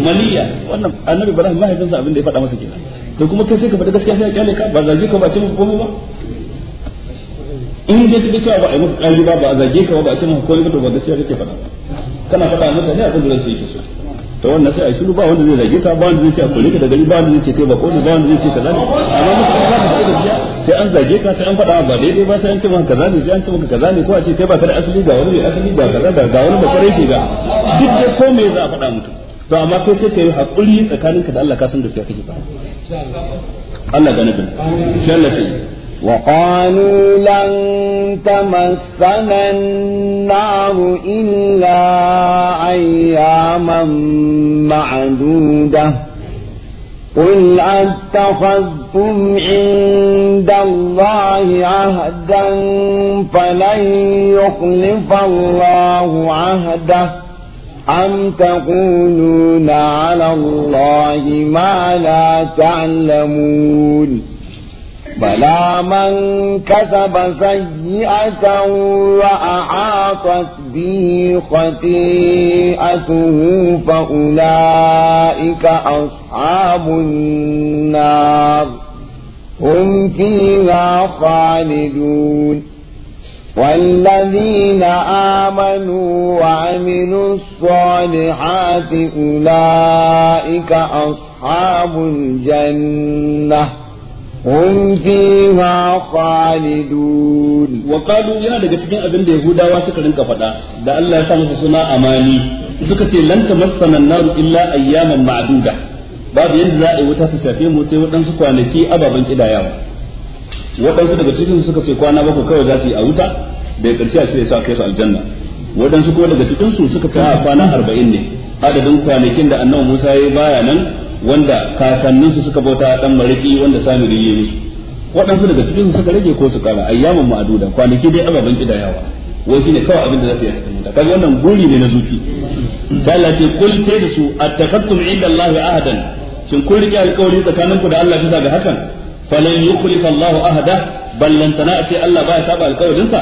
maliya wannan annabi ibrahim mahaifinsa abin da ya faɗa masa kenan to kuma kai sai ka faɗa gaskiya sai ka kyale ka ba zage ka ba ce muku komai ba in dai cewa ba a yi muku ƙari ba ba a zage ka ba a ce muku komai ba to ba gaskiya kake faɗa kana faɗa abin da so to wannan sai a shiru ba wanda zai zage ta ba wanda zai ce a kore ka da gari ba wanda zai ce kai ba kone ba wanda zai ce kaza ne amma mutum ba ka gaskiya sai an zage ka sai an faɗa ba daidai ba sai an ce maka kaza ne sai an ce maka kaza ne ko a ce kai ba ka da asali ga wani mai asali ga kaza ga wani bakwai shi ga duk da ko me za a faɗa mutum to amma kai sai kai hakuri tsakaninka da Allah ka san gaskiya kake ba Allah ga nabin Allah sai وقالوا لن تمسنا النار إلا أياما معدودة قل أتخذتم عند الله عهدا فلن يخلف الله عهده أم تقولون على الله ما لا تعلمون بلى من كسب سيئة وأعاطت به خطيئته فأولئك أصحاب النار هم فيها خالدون والذين آمنوا وعملوا الصالحات أولئك أصحاب الجنة هم فيها خالدون وقالوا yana daga cikin abin da Yahudawa suka rinka faɗa da Allah ya sa musu suna amani suka ce lan tamassana an-nar illa ayyaman ma'duda babu yadda za a yi wuta ta shafe mu sai waɗansu kwanaki ababen kidayawa waɗansu daga cikin suka ce kwana bako kawai za su yi a wuta da ya karshe a ce sa kai su aljanna waɗansu kuma daga cikin su suka ce kwana arba'in ne adadin kwanakin da annabi Musa ya yi baya nan wanda su suka bauta dan mariki wanda sami ya yi waɗansu daga cikin suka rage ko su kara ayyaman ma'aduda kwanaki dai ababen kidayawa wai shine kawai abin da zai yi a cikin kaga wannan guri ne na zuci Allah ce kul ce da su attakattum inda Allah ahadan shin kun rike alƙawari ku da Allah bisa ga hakan falan yukhlifa Allah ahada ballantana ce Allah baya ya saba alƙawarinsa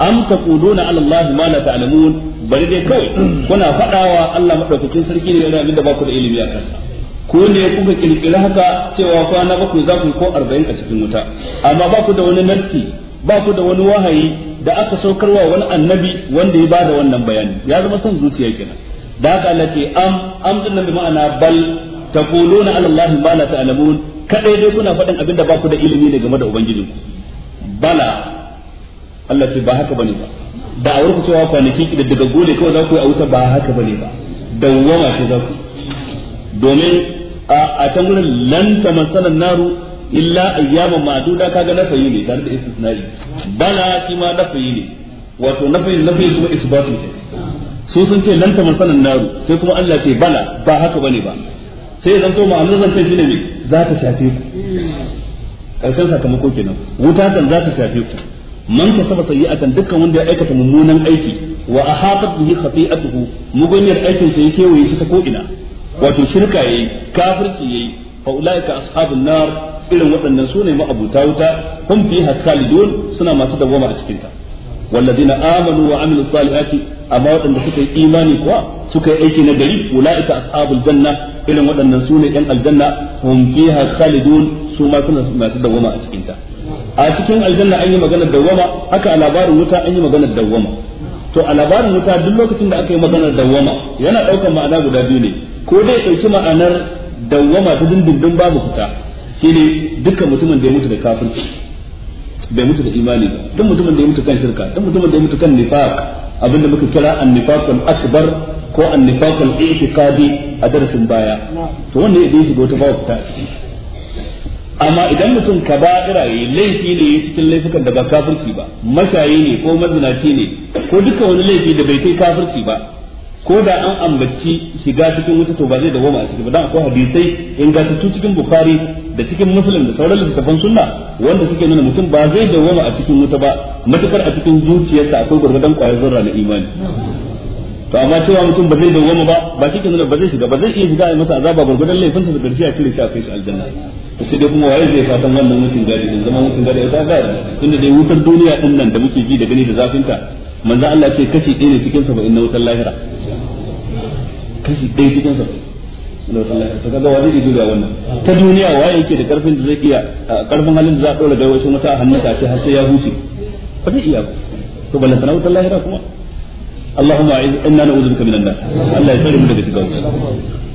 am taquluna ala Allah ma la ta'lamun bari dai kawai kuna faɗawa Allah madaukakin sarki ne yana abin da baku da ilimi a kansa ko ne kuka kirkiri haka cewa kwana bakwai za ku ko arba'in a cikin wuta amma ba ku da wani narki ba ku da wani wahayi da aka saukarwa wani annabi wanda ya bada wannan bayani ya zama son zuciya kenan da haka Allah ke am am din nan bi ma'ana bal taquluna ala Allah ma la ta'lamun kadai dai kuna faɗin abinda ba ku da ilimi ne game da ubangijinku bala Allah ce ba haka bane ba da a wurin cewa kwanaki da daga gole kawai za ku yi a wuta ba haka bane ba dawwama ce za ku domin a can gurin lan tamassana naru illa ayyaman ma'duda kaga nafayi ne tare da istisnai bala shi ma nafayi ne wato nafayi fayi kuma isbatu ce su sun ce lan tamassana naru sai kuma Allah ce bala ba haka bane ba sai zan to ma'anar zan sai ne za ta shafe ku karshen sakamako kenan wuta kan za ta shafe ku man kasaba sayyi'atan dukkan wanda ya aikata mummunan aiki wa ahatat bihi khati'atuhu mugunyar aikin sa yake waye shi ta ko ina wato shirka yayi kafirci yayi fa ulaika ashabun nar irin waɗannan sune ma'abuta wuta hum fiha khalidun suna masu dawama a cikin ta والذين آمنوا وعملوا aiki na gari سكي إيماني كوا سكي أيكي نجري أولئك أصحاب الجنة إلى وطن نسوني أن الجنة هم فيها خالدون سوما سنة A cikin aljanna an yi أي مغانا haka a labarin wuta an yi مغانا دوما to a labarin wuta duk lokacin da aka yi maganar dawwama yana ɗaukar ma'ana guda biyu ne ko dai ɗauki ma'anar dawwama ta dindindin babu fita ne dukkan mutumin da ya mutu da kafirci bai mutu da imani ba duk mutumin da ya mutu kan shirka duk mutumin da ya mutu kan nifaq abinda muka kira an-nifaqul akbar ko an-nifaqul i'tiqadi a darasin baya to wannan idan shi wata babu fita amma idan mutum ka ba iraye laifi ne cikin laifukan da ba kafirci ba mashayi ne ko mazinaci ne ko dukkan wani laifi da bai kai kafirci ba ko da an ambaci shiga cikin wuta to ba zai dawoma a ciki ba dan akwai hadisai tu cikin bukhari da cikin muslim da sauran littattafan sunna wanda suke nuna mutum ba zai dawoma a cikin wuta ba matukar a cikin zuciyarsa akwai gurgurdan kwayar zarra na imani to amma cewa mutum ba zai dawoma ba ba shi ke nuna ba zai shiga ba zai iya shiga a masa azaba gurgurdan sa da karshe a cire shi a kai shi aljanna to sai dai kuma waye zai fatan wannan mutum gadi din zama mutum gadi ya ta gadi tunda dai wutar duniya din nan da muke ji da gani da zafinta manzo Allah ce kashi ɗaya ne cikin saba'in na wutar lahira kashi ɗaya cikin saba'in na wutar lahira ta kaga wani ido da wannan ta duniya waye yake da karfin da zai iya karfin halin da za a ɗora da wasu mata a hannun ta ce har sai ya huce ba zai iya ba to ballan sana wutar lahira kuma اللهم انا نعوذ بك من النار الله daga من الشيطان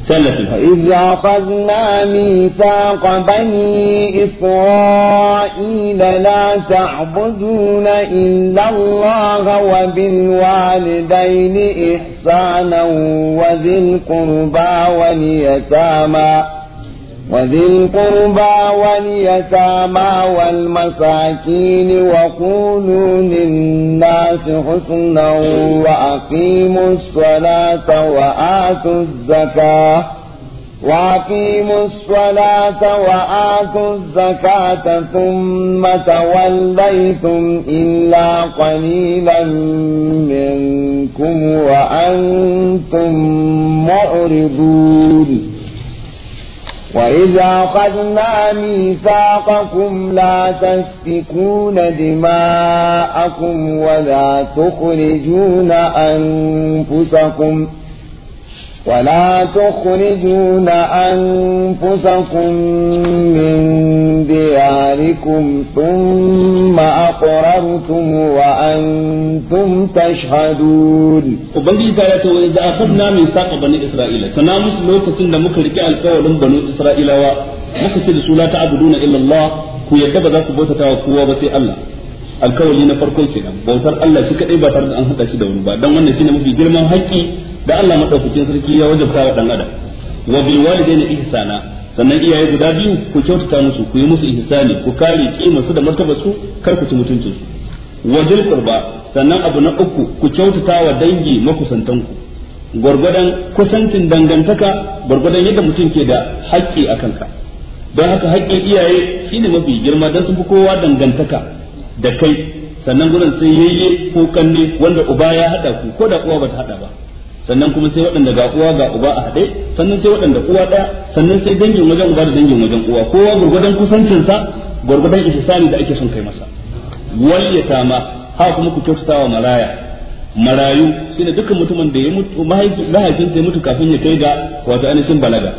إذ أخذنا ميثاق بني إسرائيل لا تعبدون إلا الله وبالوالدين إحسانا وذي القربى واليتامى وذي القربى واليتامى والمساكين وقولوا للناس حسنا وأقيموا الصلاة وآتوا الزكاة وأقيموا الصلاة وآتوا الزكاة ثم توليتم إلا قليلا منكم وأنتم معرضون وإذا أخذنا ميثاقكم لا تسفكون دماءكم ولا تخرجون أنفسكم ۖ ولا تخرجون أنفسكم من دياركم ثم أقررتم وأنتم تشهدون وبنجي تعالى وإذا أخذنا من ساق بني إسرائيل تنامس لوكة لمك ركاء القول بني إسرائيل ومكة لا تعبدون إلا الله كي يدب ذاك بوتة وقوة بسي الله alkawali na farko kenan bautar Allah shi kadai ba tare da an haɗa shi da wani ba dan wannan shine mafi girman haƙƙi da Allah madaukakin sarki ya wajabta wa dan adam wa bil walidaini ihsana sannan iyaye guda biyu ku kyautata musu ku yi musu ihsani ku kare kimar da martabar su kar ku ci mutunci su wa dil qurba sannan abu na uku ku kyautata wa dangi makusantanku. ku kusantin kusancin dangantaka gwargwadon yadda mutum ke da haƙƙi a kanka don haka haƙƙin iyaye shine mafi girma don sun fi kowa dangantaka da kai sannan gurin sai yayye ko kanne wanda uba ya haɗa ku ko da uwa bata haɗa ba sannan kuma sai waɗanda ga uwa ga uba a haɗe sannan sai waɗanda uwa ɗaya sannan sai dangin wajen uba da dangin wajen uwa kowa gurgudan kusancinsa gurgudan ihsani da ake son kai masa wal ma ha kuma ku kyautatawa maraya marayu shine dukkan mutumin da ya mutu mahaifinsa ya mutu kafin ya kai ga wato ainihin balaga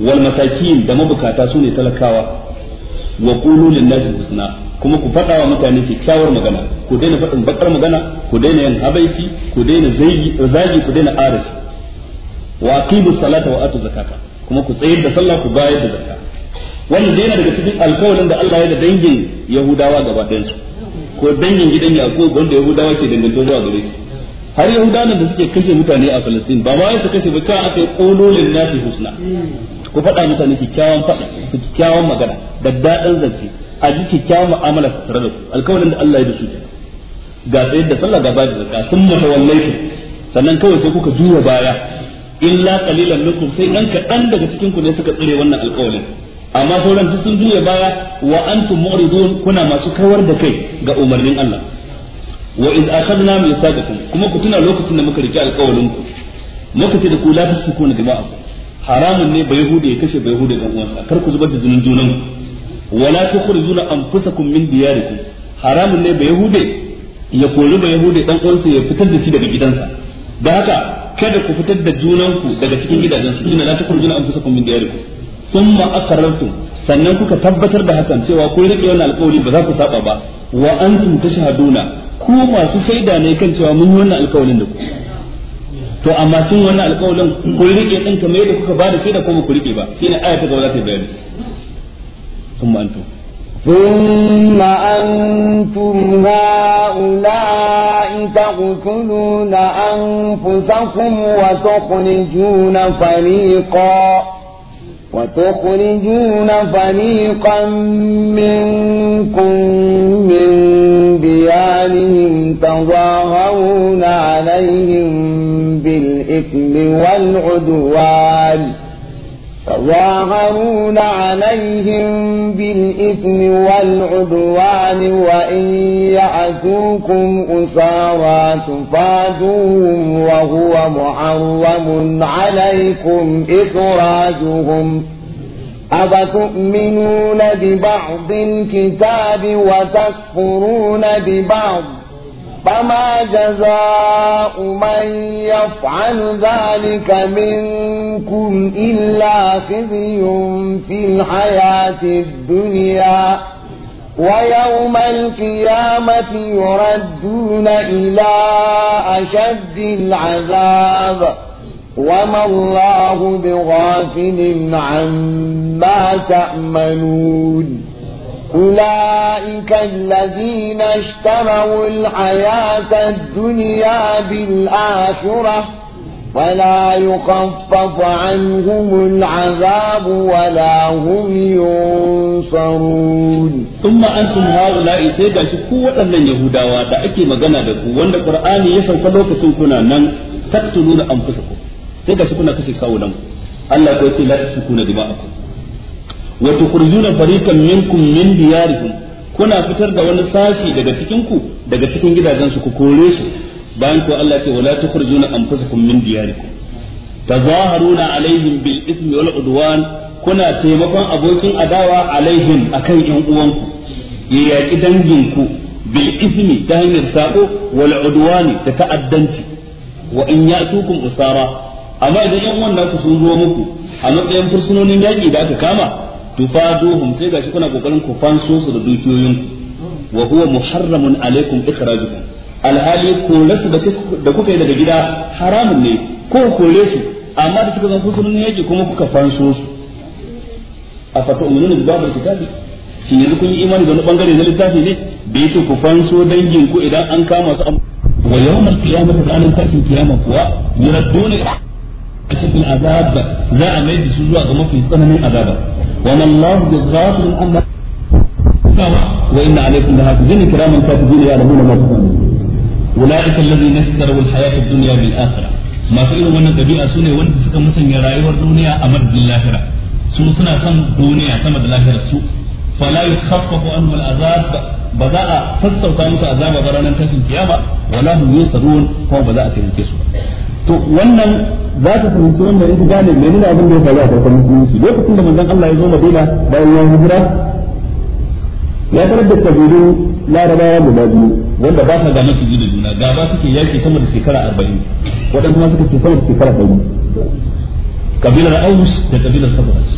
wal masakin da mabukata sune talakawa wa qulu lin nasi husna kuma ku faɗa wa mutane kyakkyawar magana ku daina faɗin bakar magana ku daina yin habaici ku daina zagi ku daina arashi wa aqimu salata wa atu zakata kuma ku tsayar da sallah ku bayar da zakka wannan dai yana daga cikin alƙawarin da Allah ya da dangin Yahudawa gaba ɗayan su ko dangin gidan Yaqub wanda Yahudawa ke dangantawa zuwa gare shi har Yahudawan da suke kashe mutane a Palestine ba ma su kashe ba cewa aka yi ƙololin nasi husna ku faɗa mutane kyakkyawan faɗa kyakkyawan magana da daɗin zance a ji kyakkyawan mu'amala tare da su alkawarin da Allah ya da su ga tsayar da sallah ga bayar da zakka sun mutawallaitu sannan kawai sai kuka juya baya illa qalilan minkum sai dan kaɗan daga cikin ku ne suka tsire wannan alƙawarin amma sauran duk sun juya baya wa antum mu'ridun kuna masu kawar da kai ga umarnin Allah wa iz akhadna mithaqakum kuma ku tuna lokacin da muka rike alƙawarin ku muka ce da ku la ku na jama'a haramun ne bai hude ya kashe bai hude dan uwansa kar ku zubar da jinin junan wala tukhrijuna anfusakum min diyarikum haramun ne ba yahude ya kori ba yahude dan uwansa ya fitar da shi daga gidansa da haka kada ku fitar da junanku daga cikin gidajensu kina la tukhrijuna anfusakum min diyarikum thumma aqarrartum sannan kuka tabbatar da hakan cewa ku rike wannan alƙawari ba za ku saba ba wa antum tashhaduna ku masu shaida ne kan cewa mun yi wannan alƙawarin da ku to amma sun wannan alƙawarin ku rike din kamar yadda kuka ba da shaida ko ku rike ba shine ayata gaba za ta bayyana ثم أنتم ثم أنتم هؤلاء تقتلون أنفسكم وتخرجون فريقا وتخرجون فريقا منكم من ديارهم تظاهرون عليهم بالإثم والعدوان تظاهرون عليهم بالإثم والعدوان وإن يعتوكم أسارا تفادوهم وهو محرم عليكم إخراجهم أفتؤمنون ببعض الكتاب وتكفرون ببعض فما جزاء من يفعل ذلك منكم إلا خزي في الحياة الدنيا ويوم القيامة يردون إلى أشد العذاب وما الله بغافل عما تأمنون أولئك الذين اشتروا الحياة الدنيا بالآخرة فلا يخفف عنهم العذاب ولا هم ينصرون ثم أنتم هؤلاء سيدا شكوة لن يهودا وادا أكي مغانا دكو وانا قرآن يسن كلوك سنكونا نن تقتلون أنفسكم سيدا شكونا كسي كاونا الله يقول لا تسكون دماءكم wa tukhrijuna fariqan minkum min diyarikum kuna fitar da wani sashi daga cikin ku daga cikin gidajensu ku kore su bayan ko Allah ce wala tukhrijuna anfusakum min diyarikum tazaharuna alaihim bil ismi wal udwan kuna taimakon abokin adawa alaihim akan yan uwanku ya yaki danginku bil ismi ta hanyar sako wal ne da ta'addanci wa in ya'tukum usara amma idan yan uwan naku sun zo muku a matsayin fursunonin yaki da aka kama tufaduhum sai gashi kuna kokarin ku fanso su da wa huwa muharramun alaikum ikhrajukum alhali da kuka yi daga gida haramun ne ko kore su amma da zan yake kuma kuka fanso su a fata da babu kitabi shi yanzu kun yi imani da wani bangare na littafi ne da yake ku fanso dangin ku idan an kama su wa yawmal qiyamati tashin kiyama kuwa yuradduna ashadul za a mai su zuwa ga mafi tsananin azaba وما الله بغافل عما وإن عليكم لحافظين كراما كاتبين يعلمون ما تفعلون أولئك الذين اشتروا الحياة الدنيا بالآخرة ما في إلو وانا تبيع سنة وانت تسكى مثلا يرأي والدنيا أمد بالآخرة سنة سنة سنة دنيا سمد الآخرة سوء فلا يتخفف عنه العذاب بذاء فستو مثل عذاب برانا تسن كيابا ولا هم يوصدون فهم بذاء تنكسوا to wannan za ka fahimci wannan in ka gane nuna abin da ya faru a farkon musulunci lokacin da manzon Allah ya zo Madina bayan ya hijira ya tarar da kabilu larabawa guda biyu wanda ba sa gane su ji da juna ba suke yaki sama da shekara arba'in waɗanda ma suka ce sama da shekara ɗari kabilar aus da kabilar sabras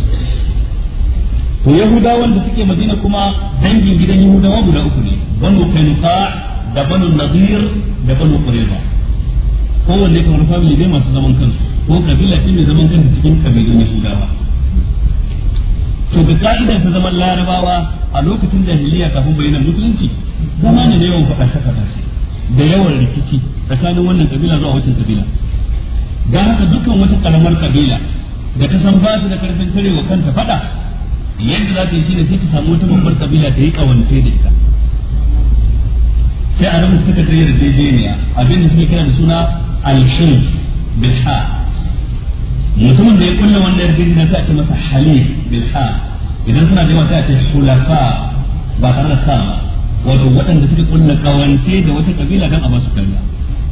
to yahudawan da suke madina kuma dangin gidan yahudawa guda uku ne banu kainuka da banu nadir da banu qurayza kowanne kamar famili ne masu zaman kansu ko kabila ce mai zaman kanta cikin kabilu na shugaba. to da ka'idar ta zaman larabawa a lokacin jahiliya kafin bayyana musulunci zama ne da yawan faɗace da yawan rikici tsakanin wannan kabila zuwa wancan kabila Ga haka dukkan wata karamar kabila da ta san ba su da karfin karewa kanta faɗa yadda za ta yi ne sai ta samu wata babbar kabila ta yi kawance da ita sai a rubuta da yarjejeniya abin da suke kira da suna alhil bilha mutumin da ya kulle wannan yarjejeniya sai a ce masa halif bilha idan suna da yawa sai a ce hulafa ba tare da sa wato waɗanda suke kulla kawance da wata kabila don a basu su kalla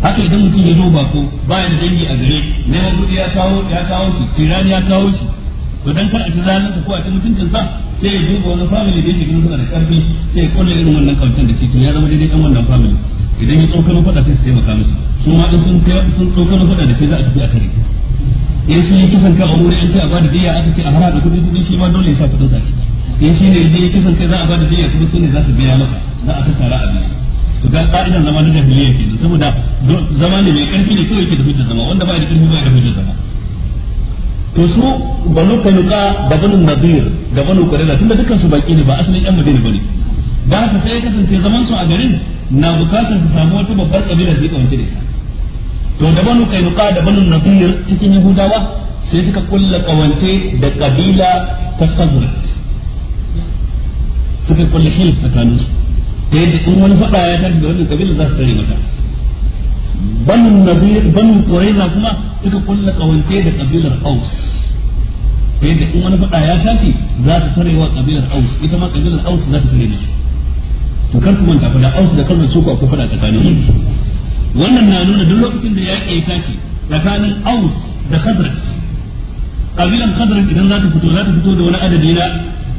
haka idan mutum ya zo bako baya da dangi a gare neman kuɗi ya kawo ya kawo shi tirani ya kawo shi to dan kar a ci zalunta ko a ci mutuncin sa sai ya duba wani family da yake ganin suna da karfi sai ya kulle irin wannan kawancen da shi to ya zama daidai ɗan wannan family idan ya tsokano faɗa sai su taimaka musu su ma sun kai sun ɗauka na faɗa da shi za a tafi a kare in shi yi kisan kai a wuri an ce a bada diya aka ce a hara da kuɗi kuɗi shi ma dole ya sa kudin sa shi in shi ne ya kisan kai za a bada diya kuma sune za su biya masa za a tattara a biya to ga ka'idan zama na jahiliya kenan saboda zama ne mai karfi ne kawai ke da hujjar zama wanda ba da karfi ba da hujjar zama to su banu kanuka da banu nadir da banu qurayza tunda dukkan su baki ne ba asalin yan madina bane ba ka sai ya kasance zaman su a garin na bukatar su samu wata babbar kabila da yi kawance da ita to da banu kainuka da banu nadir cikin yahudawa sai suka kulla kawance da kabila ta khazraj suka kulla hilf tsakanin su ta yadda in wani faɗa ya tafi da wannan kabila za su tare mata banu nadir banu quraiza kuma suka kulla kawance da kabilar aus ta yadda in wani faɗa ya tashi za su tare wa kabilar aus ita ma kabilar aus za ta tare mata. to kar ku manta fa da aus da kalmar suku akwai faɗa tsakanin su wannan na nuna duk lokacin da yaƙi ya tashi tsakanin aus da khazraj kabilan khazraj idan za ta fito za ta fito da wani adadi na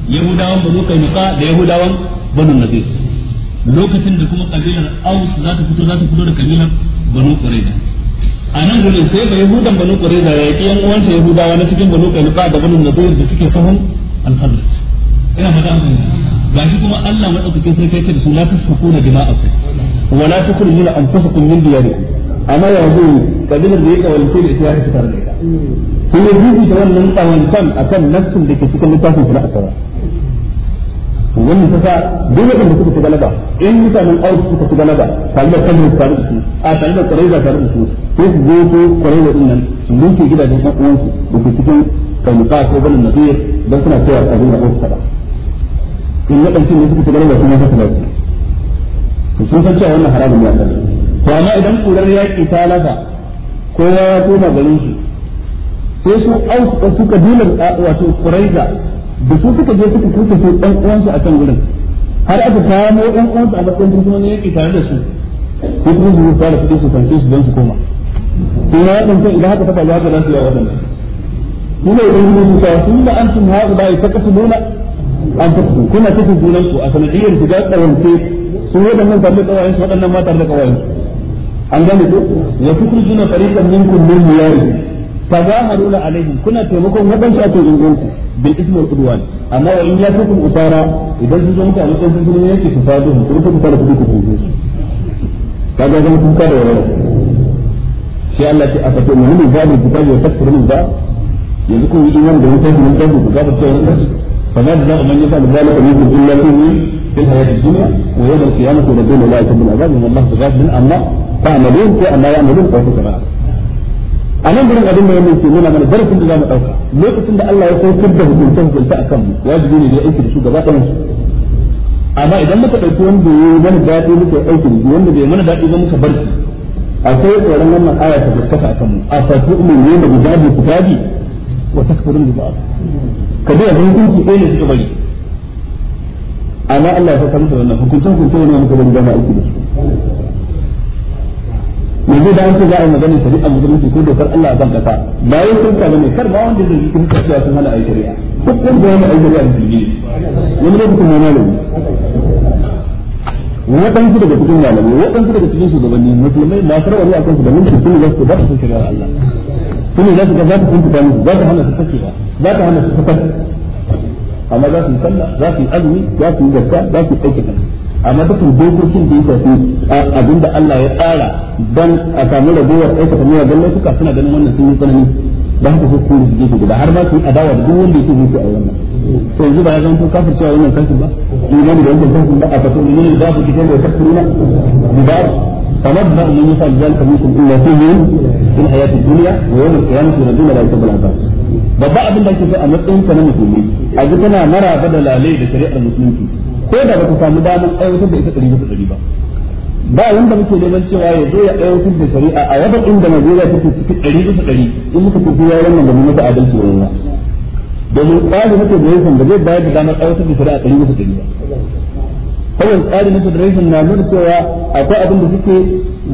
yahudawan banu kainuka da yahudawan banu nadir lokacin da kuma kabilar aus za ta fito za ta fito da kabilan banu qurayza a nan gurin sai ba yahudan banu qurayza ya yaƙi yan uwansa yahudawa na cikin banu kainuka da banu nadir da suke sahun al-khazraj ina fata ga shi kuma Allah madaukakin sarki yake da su la jima'a dima'akum wala tukhrijuna anfusakum min diyarikum amma yanzu kabilar da ya kawalce da ita ya fita da ita kun yi rubuta wannan tsawancan akan nassin da ke cikin littafin kula a tsara wannan ta sa duk wanda suka ci galaba in mutanen aure suka ci galaba tare da kamar tare da su a tare da kwarai da tare da su sai su zo ko kwarai da dinnan su rinke gidajen ɗan uwansu da ke cikin ko ganin nasiyar don suna cewa su in suka ci galaba su sun san cewa wannan haramun ne a kansu to amma idan kurar yaƙi ta lafa kowa ya koma garin shi sai su auka su kabilar wato kuraiza da su suka je suka kuka su ɗan uwansu a can gurin har aka kamo ɗan uwansu a matsayin fursunan yaƙi tare da su duk kuma su fara kuɗi su fanke su don su koma sai ya waɗanda idan haka ta faru haka za su yi a waɗanda kuma idan gudu su kawo sun da an sun haɗu ba ya ta kasu nuna an ta kuna cikin junanku a sanadiyyar shiga tsawon su waɗannan tare da kawayen su waɗannan ma da kawayen an gane ko wa tukrijuna fariqan minkum min miyari tazaharuna alaihim kuna taimakon waɗansu a cikin gungu bin ismi wal amma wa in yakukum usara idan sun zo muku a matsayin sun yake su fadu ku rufe ku fara ku ku ku kaga zama kun kada wa sai Allah ya aka ce mun ba mu kitabi wa tafsirun ba yanzu kun yi imani da wani tafsirin da ku ga ta wannan fa za a manya ta da zalika minkum illa kunni في الحياة الدنيا ويوم القيامة ينبون لا يسمى العذاب إن الله بغافل عما تعملون وعما يعملون وهو كما a nan gurin abin da ya nufi nuna mana darasin da za mu ɗauka lokacin da Allah ya saukar da hukunce hukunce a kanmu wajibi ne da aiki da su gaba ɗayan su amma idan muka ɗauki wanda ya mana daɗi muka yi aiki da shi wanda bai mana daɗi ba muka bar shi akwai tsoron wannan aya ta gaskata a kanmu a fatu mu ne da gudabi gudabi wa takfurun bi ba'd kabi abin hukunci ɗaya ne suka bari amma Allah ya san wannan hukuncin hukuncin ne muka bari gama aiki da su ne da an ce za a yi magana shari'a musulunci ko dokar Allah a kan kasa ba yin kunta bane kar ba wanda zai yi kunta cewa sun hana ayi shari'a ko kun ga wani ayi shari'a musulmi ne wani lokacin ma malami waɗansu daga cikin malamai waɗansu daga cikin shugabanni musulmai na tarwari a su da mun sun za su ba su shari'a Allah kuma za su ga za su kunta musu za su hana su sakewa za su hana su sakar amma za su yi sallah za su yi azumi za su yi zakka za su yi aiki kansu amma duk dokokin da ya shafi abinda Allah ya tsara dan a samu ragowar aikata miya don laifuka suna ganin wannan sun yi tsanani da haka su kuma su gefe guda har ma su yi adawa da duk wanda yake mutu a wannan to yanzu ba ya zanto kafir cewa wannan kafir ba imani da wannan kafir ba a fatu ne da su kitan da kafiruna ba فنبأ من يفعل ذلك منكم الا فيه في الحياة الدنيا ويوم القيامة يردون لا يسب العذاب babba abin da ake so a matsayin ka na musulmi a ji kana maraba da lalai da shari'ar musulunci ko da baka samu damar aiwatar da ita ɗari bisa ɗari ba ba wanda muke neman cewa ya zo ya aiwatar da shari'a a wadda inda Najeriya take cikin ɗari bisa ɗari in muka tafi ya wannan da mu adalci wa yana domin tsari muke da yasan da zai bayar da damar aiwatar da shari'a ɗari bisa ɗari ba kawai tsarin na federation na nuna cewa akwai abin da suke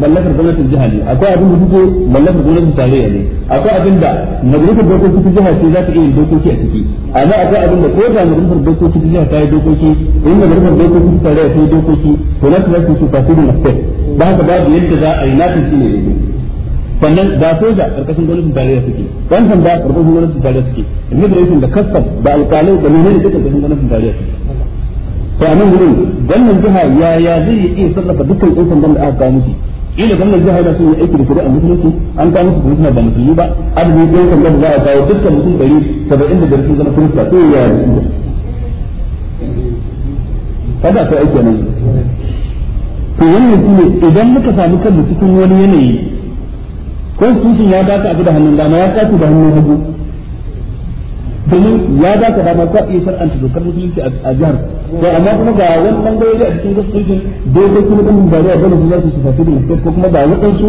mallakar gwamnatin jiha ne akwai abin da suke mallakar gwamnatin tarayya ne akwai abin da majalisar dokoki ta jiha ce za ta iya yin dokoki a ciki amma akwai abin da ko majalisar dokoki ta jiha ta yi dokoki in majalisar dokoki ta tarayya ta yi dokoki to na za su su tasirin na state ba haka babu yadda za a yi natin shi ne daidai sannan da soja karkashin gwamnatin tarayya suke dan sanda karkashin gwamnatin tarayya suke immigration da custom da alƙalai da menene duka karkashin gwamnatin tarayya suke to a nan gurin gwamnan jiha yaya zai iya sarrafa dukkan ɗan sandan da aka kawo musu ila gwamnan jiha yana son aiki da shari'a musulunci an kawo musu kuma ba musulmi ba adadin ɗan sandan da za a kawo dukkan mutum ɗari saba'in da garfi zama kirista to yaya da su kada akwai aiki nan to wannan shine idan muka samu kanmu cikin wani yanayi ko constitution ya dace abu da hannun dama ya dace da hannun hagu domin ya ba ka dama a iya shar'anta dokar musulunci a jihar to amma kuma ga wani bangarori a cikin constitution dokoki na ɗan ba zai bane su za su shafi da musulunci ko kuma ga waɗansu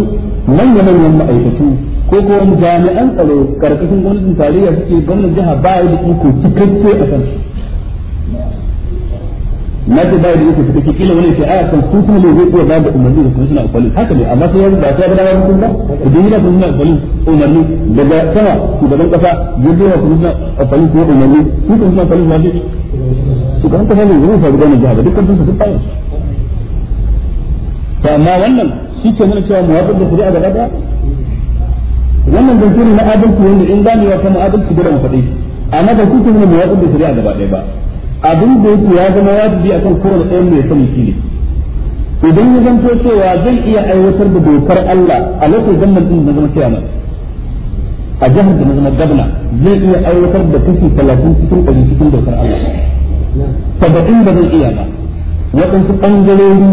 manyan manyan ma'aikatu ko kuma jami'an tsaro karkashin gwamnatin tarayya suke gwamnatin jiha ba ya da iko cikakke a kansu na ce ba da yake su kake kila wani ce a constitutional ne zai iya ba da umarni da commissioner of haka ne amma sai ba sai da wani kuma idan yana commissioner of umarni daga sama shugaban kasa ya je wa commissioner of ko umarni shi commissioner of police ma zai shugaban kasa ne zai sa gudanar jihar dukkan su duk bayan to amma wannan shi ke nuna cewa muwafiq da kuri'a gaba daya wannan zance na adalci wanda in zamu yi kama adalci gudan faɗi amma ba shi ke nuna muwafiq da gaba daya ba abin da yake ya zama wajibi akan kowane ɗayan mai sani ne idan ya zanto cewa zai iya aiwatar da dokar Allah a lokacin gwamnan din na zama ciyaman a jihar da na zama gabna zai iya aiwatar da kashi talatin cikin ɗari cikin dokar Allah saba'in da zai iya ba waɗansu ɓangarori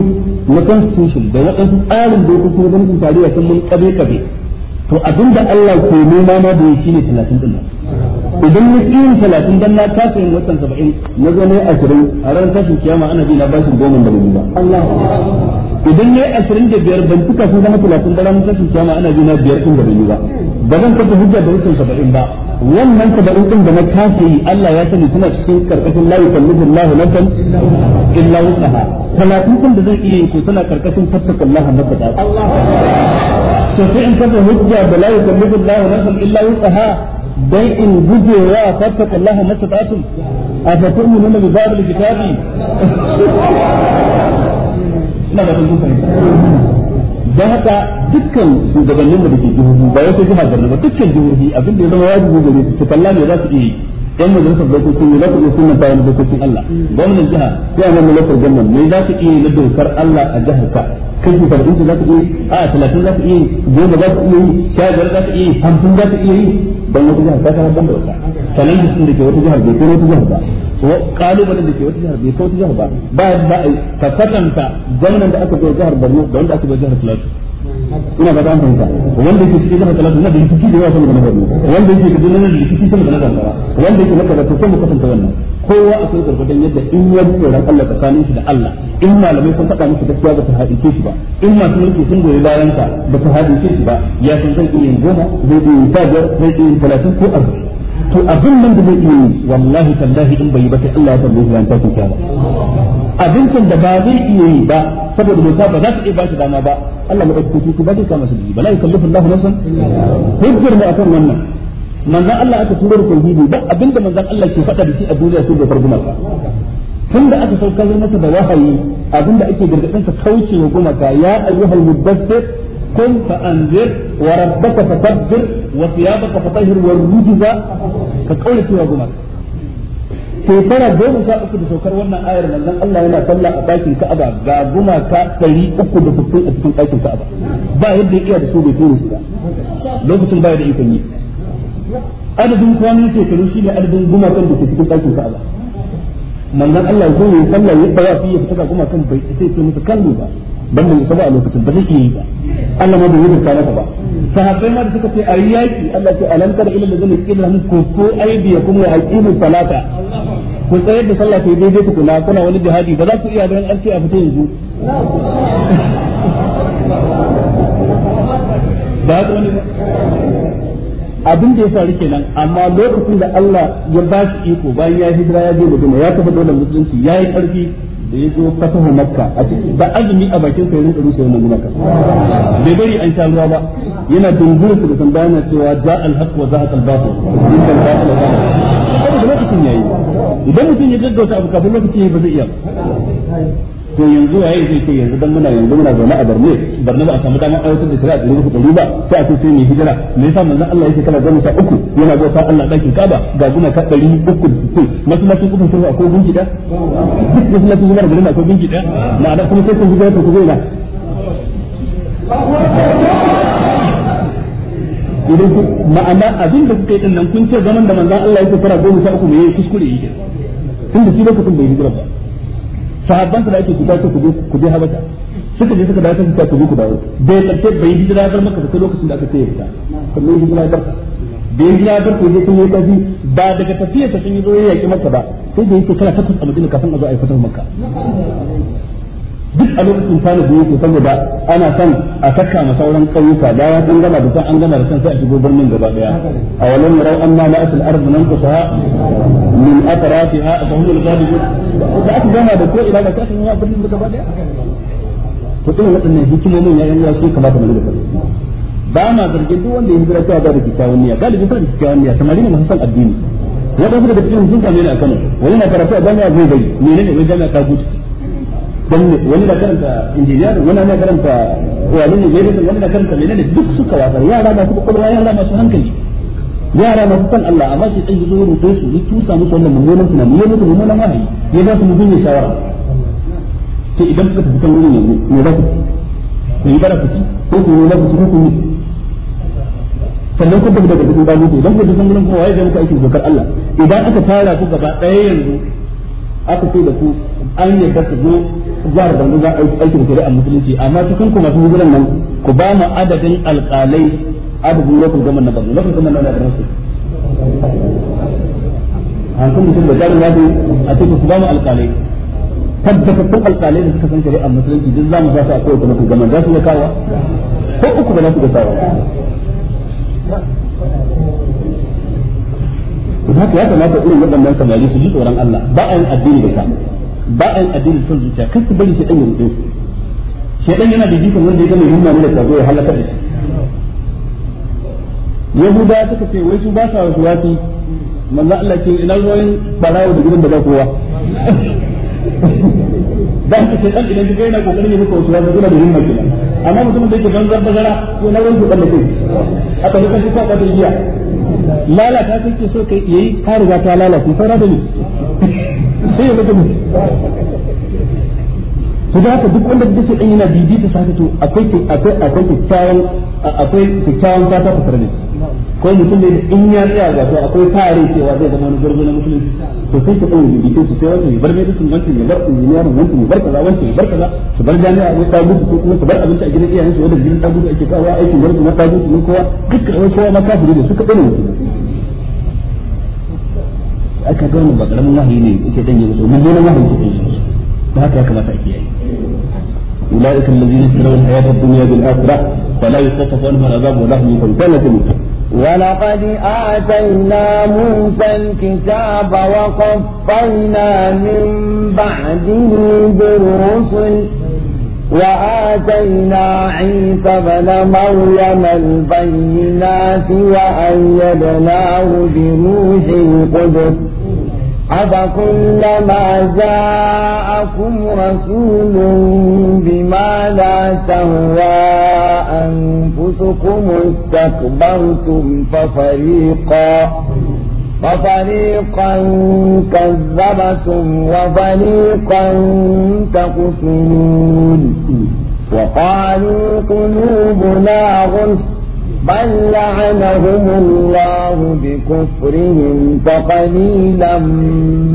na constitution da waɗansu tsarin dokokin gwamnatin tarayya sun mun kabe kabe to abinda Allah ke nema ma da shi ne talatin ɗin nan idan na kiyin talatin dan na kasa yin watan saba'in na zo ne ashirin a ran tashin kiyama ana bi na bashin goma da rubuta idan ne ashirin da biyar ban tuka sun zama talatin da ran tashin kiyama ana bi na biyar ɗin da rubuta ba zan kafa hujja da watan saba'in ba wannan saba'in ɗin da na kasa yi Allah ya sani suna cikin karkashin la yukallifu Allah nafsan illa wusaha talatin ɗin da zan iya yi ko suna karkashin fattakallahu nafsa Allah to sai in kafa hujja da la yukallifu Allah nafsan illa wusaha dan in guje wa fattakallahu mastata'tum afa tu'minuna bi babil kitabi ina da kun fahimta dan haka dukkan shugabannin mu da ke jihohi ba wata jiha garin ba dukkan jihohi abin da ya zama wajibi gare su su kalla me za su iya yan majalisar dokokin ne za su iya sunan bayan Allah gwamnan jiha ko a nan mulkar gwamnan me za su iya na dokar Allah a jihar ka kashi saba'in za su iya a talatin za su iya goma za su iya sha za su iya hamsin za su iya dan wata jihar ta kawo ban da wata challenge da ke wata jihar bai kai wata jihar ba wa kalubalen da ke wata jihar bai kai wata jihar ba ba ba ka kwatanta gwamnan da aka zo jihar Borno da wanda aka zo jihar Plateau ina ba an fahimta wanda yake cikin jihar talata na da rikici da yawa sama da na gari wanda yake cikin nan da rikici sama da na gari wanda yake maka da to sai mu kasance wannan kowa a akwai gurgurdan yadda in ya tsoron Allah tsakanin shi da Allah in malamai sun faɗa musu gaskiya ba su haɗice shi ba in masu mulki sun goyi bayan ka ba su haɗice shi ba ya san zan iya yin goma zai iya yin sabuwar zai iya yin talatin ko arba'in to abin nan da zai iya yi wallahi tallahi in bai yi ba sai Allah ya tambaye shi ran tashin abincin da ba zai iya yi ba saboda doka ba za ta iya ba dama ba Allah madaukaki ki ba zai kama su ba la yukallifu Allahu nafsan hujjar mu akan wannan manzon Allah aka turo da tauhidi ba abinda manzon Allah ke faɗa da shi a duniya sai da farguma ka tun da aka saukar masa da wahayi abinda ake gargaɗin ka kauce wa gumaka ya ayyuhal mudaththir kun fa anzir wa rabbaka fakabbir wa thiyabaka fatahhir wa rujuza ka kaurace wa gumaka shekara goma sha uku da saukar wannan ayar manzon Allah yana sallah a bakin Ka'aba ga gumaka ɗari uku da sittin a cikin bakin Ka'aba ba yadda ya iya da su bai su ba lokacin baya da ikon yi adadin kwanan shekaru shine adadin gumakan da ke cikin bakin Ka'aba manzon Allah ya zo ya sallah ya tsaya fi ta fita gumakan bai sai ce musu kallo ba ban da isa a lokacin ba zai iya yi ba Allah ma bai yi birka masa ba sahabbai ma da suka ce ayi yaki Allah ce alam tara ila lazina qila hum kufu aydiyakum kuma aqimu salata ku tsayar da sallah ta daidai ku kula kuna wani jihadi ba za ku iya ganin an ce a fita yanzu ba ku wani abin da ya faru kenan amma lokacin da Allah ya ba shi iko bayan ya hijira ya je Madina ya tafi dole musulunci ya yi karfi da ya zo fatahu makka a cikin da azumi a bakin sa ya rinka rushe wannan gumaka bai bari an sha ruwa ba yana dungurin su da san bayana cewa ja al haqq wa zahaqa al batil inda al batil wa zahaqa lokacin yayi idan mutum ya gaggauta abu kafin lokaci ba zai iya to yanzu waye zai ce yanzu dan muna yanzu muna zaune a Barne Barne ba a samu damar aiwatar da shari'a ɗari uku ba sai a ce sai mu hijira me yasa manzon Allah yake kana goma sha uku yana bauta Allah dakin Kaaba ga guna ka ɗari uku to masallacin kufin sun akwai gunki da duk masallacin zubar garin akwai gunki da ma'ana kuma sai kun hijira ku zai na idan ku ma'ana abin da kuka yi din nan kun ce zaman da manzon Allah yake kana goma sa uku me yake kuskure yake tunda shi lokacin bai hijira ba sahabban da ake cuta ta ku je habasha suka je suka dawo suka ku je ku dawo bai karshe bai yi hijira bar maka sai lokacin da aka ce ta kuma yi hijira bar bai yi hijira bar ku je sun yi kafi ba daga tafiya ta sun yi zo yaki maka ba sai da yake kana takwas a madina kafin a zo a yi fatar makka duk a lokacin kwana da yake saboda ana son a saka ma sauran kauyuka da ya san gama da san an gama da san sai a shigo birnin gaba daya a walan rau amma la asal ardu nan kusaha min atrafiha fa hum al-ghalibun da aka gama da ko ila da ka san ya birnin gaba daya ko to ne waɗannan hikimomin ya yan uwa su kamata mu lura ba ma zargin duk wanda ya hijira cewa ba da kikkiawan niyya galibin ba da kikkiawan niyya samari ne masu son addini waɗansu daga cikin sun ne a Kano wani na karatu a jami'a zai bai menene wai jami'a ta gudu dan ne wani da karanta injiniyar wani na karanta wani ne gaibe wani da karanta menene duk suka wasa yara masu kwakwalwa yara masu hankali yara masu san Allah amma shi ɗan gizo rubuta su ni tusa musu wannan mummunan tunani ya musu mummunan wahayi ya ba su mutum ya shawara to idan kuka tafi can wurin ne me za ku ku yi bara ku ci ko ku yi za ku ko ku yi sannan kun tafi daga cikin bani ku idan ku tafi can wurin kuma waye zai muku aikin dokar Allah idan aka tara ku gaba ɗaya yanzu aka ce da ku an yarda ku zo jihar Borno za a yi aikin shari'a musulunci amma cikin kuma masu hijiran nan ku ba mu adadin alƙalai adadin lokacin gaman na bazu lokacin gaman na da rasu a kun mutum da jarin zaɓi a cikin ku ba mu alƙalai tabbatattun alƙalai da suka san shari'a musulunci duk za mu za su a kowace mutum gaman za su iya kawo ko uku ba za su iya kawo haka ya kamata irin waɗannan samari su ji tsoron Allah ba a yin addini da ta ba ɗan addinin son zuciya kar su bari shi ɗan ya ruɗe shi ɗan yana da jikin wanda ya gama yunwa ne da kwazo ya halaka da shi yahuda suka ce wai su ba sa wasu wafi manzo Allah ce ina ruwan barawo da gidan da ba kowa dan ka ce dan idan kika yana kokarin ne muku wasu wafi kuna da yunwa kenan amma mutumin da yake ban zan bazara ko na ruwan da kai aka yi kan shi ko ka ta giya lalata kake so kai yayi ka riga ta lalace sai da ni sai ya mata mutu to da haka duk wanda kake dan yana bibita sa to akwai akwai akwai kyakkyawan akwai kyakkyawan fata ta tare da ko mutum ne in ya tsaya ga to akwai fare cewa zai zama wani gurbi na musulunci to sai ka dauki bibita su sai wanda bar mai dukkan wancin ya bar ku ne injiniyar wancin ya bar kaza wancan ya bar kaza su bar jami'a ne ta gudu ko kuma su bar abinci a gidan iyayen su wanda gidan ta gudu ake kawo aikin gurbin na ta gudu ne kowa duk kowa ma kafiri ne suka tsaya aka gano ba karamin wahayi ne yake danye musu mun nuna wahayi cikin su ba haka ya kamata a kiyaye ulaika allazina yasrawu hayata ad-dunya bil akhirah fa la yusaffafu anhum al-azab wa lahum yuqaddamu ولقد آتينا موسى الكتاب وقفينا من بعده بالرسل وآتينا عيسى بن مريم البينات وأيدناه بروح القدس أفكلما جاءكم رسول بما لا تهوى أنفسكم استكبرتم ففريقا ففريقا كذبتم وفريقا تقتلون وقالوا قلوبنا غلف بل لعنهم الله بكفرهم فقليلا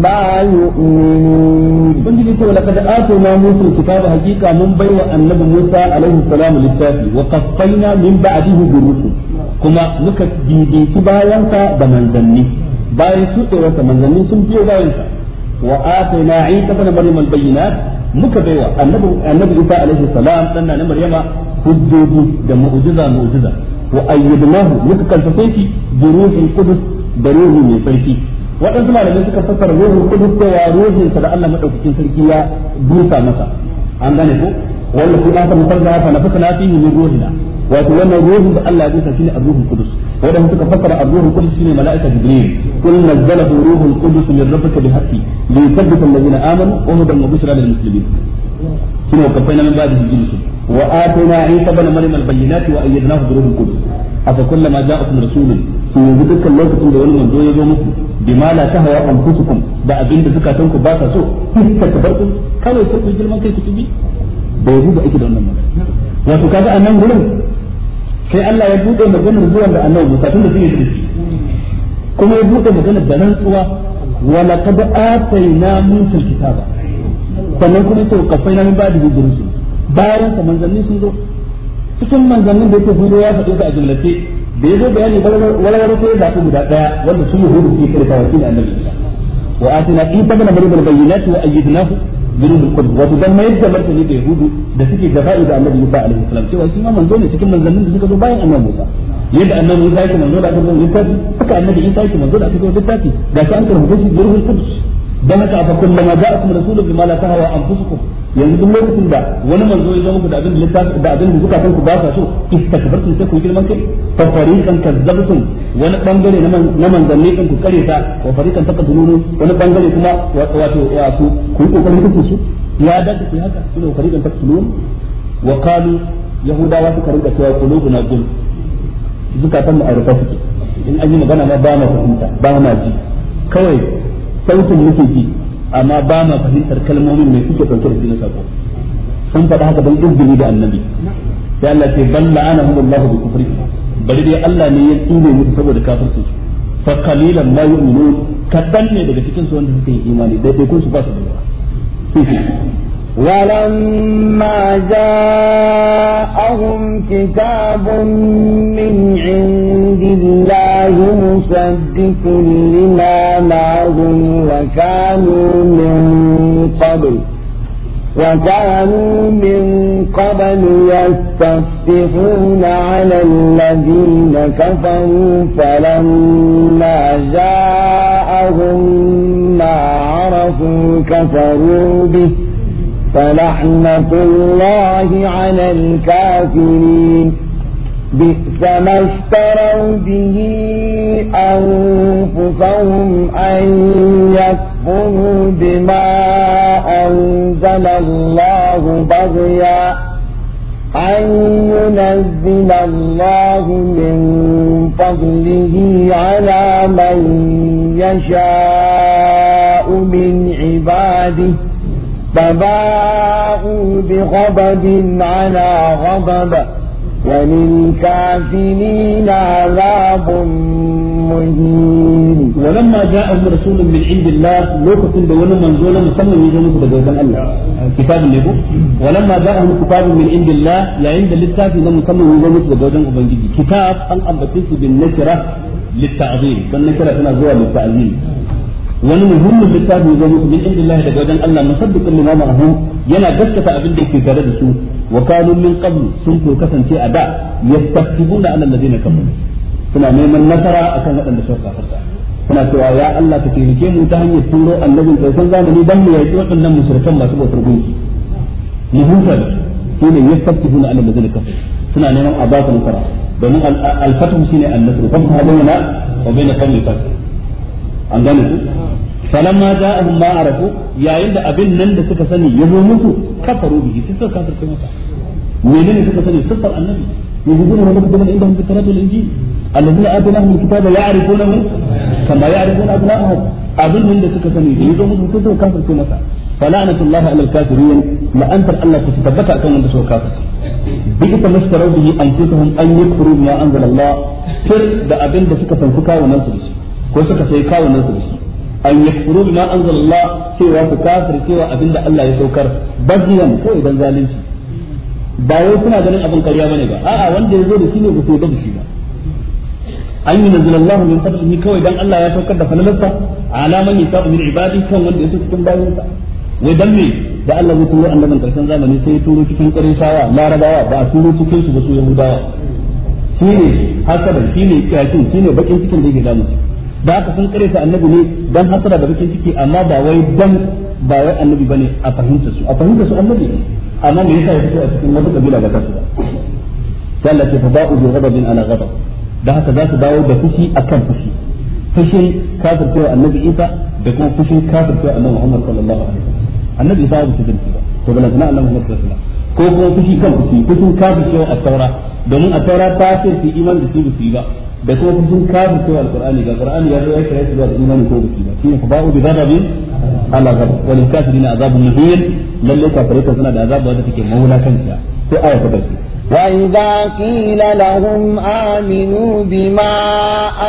ما يؤمنون كنت قلت ولقد آتينا موسى الكتاب حقيقة من بين النبي موسى عليه السلام للتافي وقفينا من بعده بالرسل كما نكت بيديك بايانسا بمنزلني باين سوء وسا منزلني سنتي بايانسا وآتينا عيسى بن مريم البينات muka baiwa annabi annabi Isa alaihi salam dan nan Maryama hujjoji da mu'jiza mu'jiza wa ayyadnahu muka karfafe shi bi ruhul qudus da ruhi mai sarki waɗansu malamai suka fassara ruhul qudus da ya ruhin sa da Allah madaukakin sarki ya busa masa an gane ko wanda ku aka musalla fa nafsana fihi min ruhina wato wannan ruhin da Allah ya busa shine ruhul qudus wadanda suka fassara ruhul qudus shine mala'ika jibril kul nazzalahu ruhul qudus min rabbika bihaqqi li yuthabbita alladhina amanu wa hudan wa bushra lil muslimin shine kafai nan ba da jibril وآتينا عيسى بن مريم البينات وأيدناه بروح القدس أفكلما جاءكم رسول sun yanzu dukkan lokacin da wani manzo ya zo muku bima la tahwa anfusukum da abin da zukatan ku ba sa so kuka tabarku kawai sai ku girman kai ku tubi da yanzu da ake da wannan wato kaga annan sai Allah ya bude maganar zuwan da annabi Musa tun da sun yi kuma ya bude maganar da kuma min bayan sa manzanni sun zo cikin manzannin da yake hudu ya faɗi su a jimlace da ya zo bayani walwala sai ya zaɓi guda ɗaya wanda su yahudu ke kirka wa shine annabi wa atina isa bin maryam al wa ayyidnahu bi ruhil wa dan mai da martani da yahudu da suke jafa'i da annabi Musa alaihi salam cewa shi ma manzo ne cikin manzannin da suka zo bayan annabi Musa yadda annabi Musa yake manzo da aka zo littafi haka annabi Isa yake manzo da aka zo littafi ga shi an karanta shi bi ruhil qudus dan haka fa kullama ja'akum rasulun bima la tahawa anfusukum yanzu duk lokacin da wani manzo ya zo muku da abin da da abin da kuka san ku ba sa so istakbartum sai ku girman kai fa fariqan kazzabtum wani bangare na man na manzanni din ku kare ta wa fariqan taqtulun wani bangare kuma wato ya su ku kokarin kuke su ya da ku haka sune fariqan taqtulun wa qalu yahudawa suka rinka cewa qulubuna gum zukatan mu a rubuta in an yi magana ma ba ma fahimta ba na ji kawai sautin muke ji amma ba ma fahimtar kalmomin mai suke ɗauke da na sako sun faɗa haka don izgini da annabi sai Allah ce bal la'anahum Allah bi kufri bari dai Allah ne ya tsine musu saboda kafircin su fa qalilan ma yu'minun kadan ne daga cikin su wanda suka yi imani dai dai kun su ba su da ولما جاءهم كتاب من عند الله مصدق لما معهم وكانوا من قبل وكانوا من قبل يستفتحون على الذين كفروا فلما جاءهم ما عرفوا كفروا به فلعنة الله على الكافرين بئس ما اشتروا به أنفسهم أن يكفروا بما أنزل الله بغيا أن ينزل الله من فضله على من يشاء من عباده فباءوا بغضب على غضب وللكافرين عذاب مهين ولما جاءهم رسول من عند الله لوكس دون منزولا مسمى يجون سبجوزا الله كتاب النبو ولما جاءهم كتاب من عند الله لا عند للكافر مسمى يجون سبجوزا أبنجي كتاب أن أبتس بالنكرة للتعظيم بالنكرة هنا زوال للتعظيم wani muhimmin littafi zo musu min Allah daga wajen Allah musaddiqan lima ma'ahum yana gaskata abin da yake tare da su wa kanu min qabl sun ko kasance a da yastaqibuna ala alladhina kafaru suna neman nasara akan waɗanda suka kafarta suna cewa ya Allah ka tilike mu ta hanyar turo annabin san zamani dan mu yaƙi waɗannan musulman masu bautar gunki mu huta da su ne yastaqibuna ala alladhina kafaru suna neman a ba su nasara domin al-fathu shine an-nasr fa bayyana wa bayna qawmi fasik an gane falamma ja'ahum ma arafu yayin da abin nan da suka sani ya zo musu kafaru bihi sai suka kafirce masa menene suka sani sifar annabi yuhibuna man kadama indahum bi taratul injil alladhina atainahum alkitaba ya'rifunahu kama ya'rifuna abna'ahum abin nan da suka sani da suka kafirce masa فلعنة الله على الكافرين لأنت الله تتبتع كم أنت سوى كافر بئس ما اشتروا به أنفسهم أن يكفروا بما أنزل الله كل ده أبين ده سكة فنفكا وننصر ko suka sai kawo nan su an yakfuru bima anzalallah cewa ku kafir cewa abinda Allah ya saukar baziyan ko idan zalunci ba wai kuna ganin abin ƙarya bane ba a'a wanda ya zo da shi ne ku da shi ba an yi nazalallahu min fadlihi kawai dan Allah ya saukar da falalarsa ala man yasau min ibadi kan wanda yaso cikin bayinsa wai dan me da Allah ya turo annaban karshen zamani sai ya turo cikin qurayshawa larabawa ba a turo cikin su ba su yahudawa shine hasaban shine kashin shine bakin cikin da yake da musu da ka san kare annabi ne dan hasara da bakin ciki amma ba wai dan ba wai annabi bane a fahimta su a fahimta su annabi amma me yasa ya a cikin wata kabila ga kasu ba sai Allah ya fa ba'u bi ghadabin ala ghadab da haka za su dawo da fushi akan fushi fushin kafircewa annabi Isa da kuma fushin kafircewa annabi Muhammad sallallahu alaihi wasallam annabi Isa ba su ba to bala sana annabi Muhammad sallallahu alaihi wasallam ko kuma fushi kan fushi fushin kafircewa a taura domin a taura ta ce su iman da su ba da kuma fushin kafin cewa alqur'ani ga qur'ani ya zo ya kira shi zuwa imani ko biki ba shine faba'u bi ghadabin ala ghadab wa lil kafirin azabun muhin lalle kafirai suna da azab wanda take maula kanta sai aya ta karshe وإذا قيل لهم آمنوا بما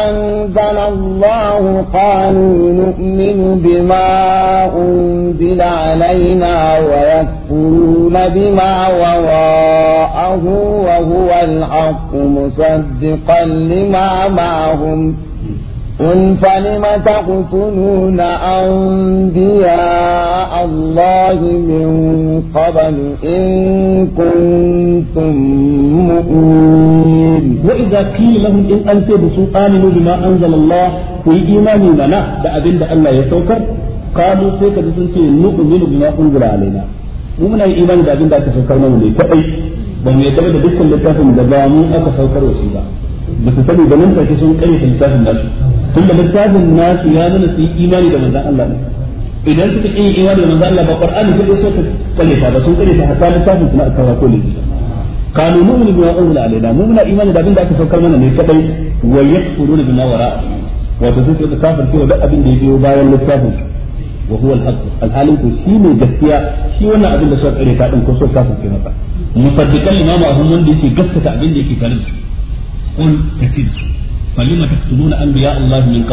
أنزل الله قالوا نؤمن بما أنزل علينا ويكفرون بما وراءه وهو الحق مصدقا لما معهم قل فلم تقتلون أنبياء الله من قبل إن كنتم مؤمنين وإذا قيل لهم إن أنتم آمنوا بما أنزل الله في إيمان منا بأبن بأن لا يتوكر قالوا سيك بسنتي نؤمن بما أنزل علينا ومن أي الإيمان بأبن بأن تفكرنا من كأي بهم يتبدأ بكل لكافٍ دبامي أكثر كروسي بأ ba su sani ba nan take sun kare littafin nasu tun da littafin nasu ya zana su yi imani da manzon Allah ne idan suka yi imani da manzon Allah ba Qur'ani sai su kare ta ba sun kare ta hatta littafin kuma aka kawo ne قالوا نؤمن بما أنزل علينا مؤمن إيمان da da aka saukar mana ne kadai wa yakfuruna bima wara'a wato sun suka kafir cewa da abin da ya biyo bayan littafin wa huwa al-haq al-alim ko shi ne gaskiya shi wannan abin da suka kare ta din ko suka kafir ce masa mufaddikan imamu ahum wanda yake gaskata abin da yake tare da shi qul katil falima an biya Allah min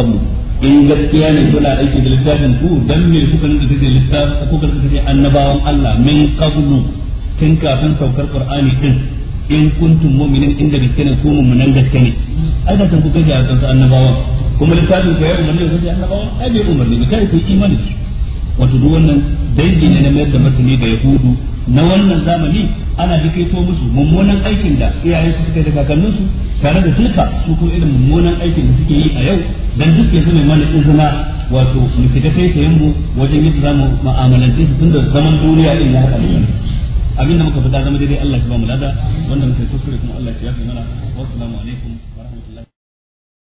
in gaskiya ne kuna aiki da littafin ku dan me kuka rinka kace littafin kuka annabawan Allah min tun kafin saukar qur'ani din in kuntum mu'minin inda gaske ne ku mu'minan gaske ne ai da kan kansu annabawan kuma littafin ku ya umarni ku ce annabawan ai umarni kai imani wato duk wannan dangi ne na mayar da martani da yahudu na wannan zamani ana to musu mummunan aikin da iyayen su suka yi da kakannin su tare da duka su kuma irin mummunan aikin da suke yi a yau dan duk yanzu mai mana izina wato mu shiga taitayen mu wajen yadda zamu mu'amalance su tun da zaman duniya din ya haɗa mu abinda muka fada zama daidai Allah shi ba mu lada wanda muka kuskure kuma Allah shi ya fi mana wassalamu alaikum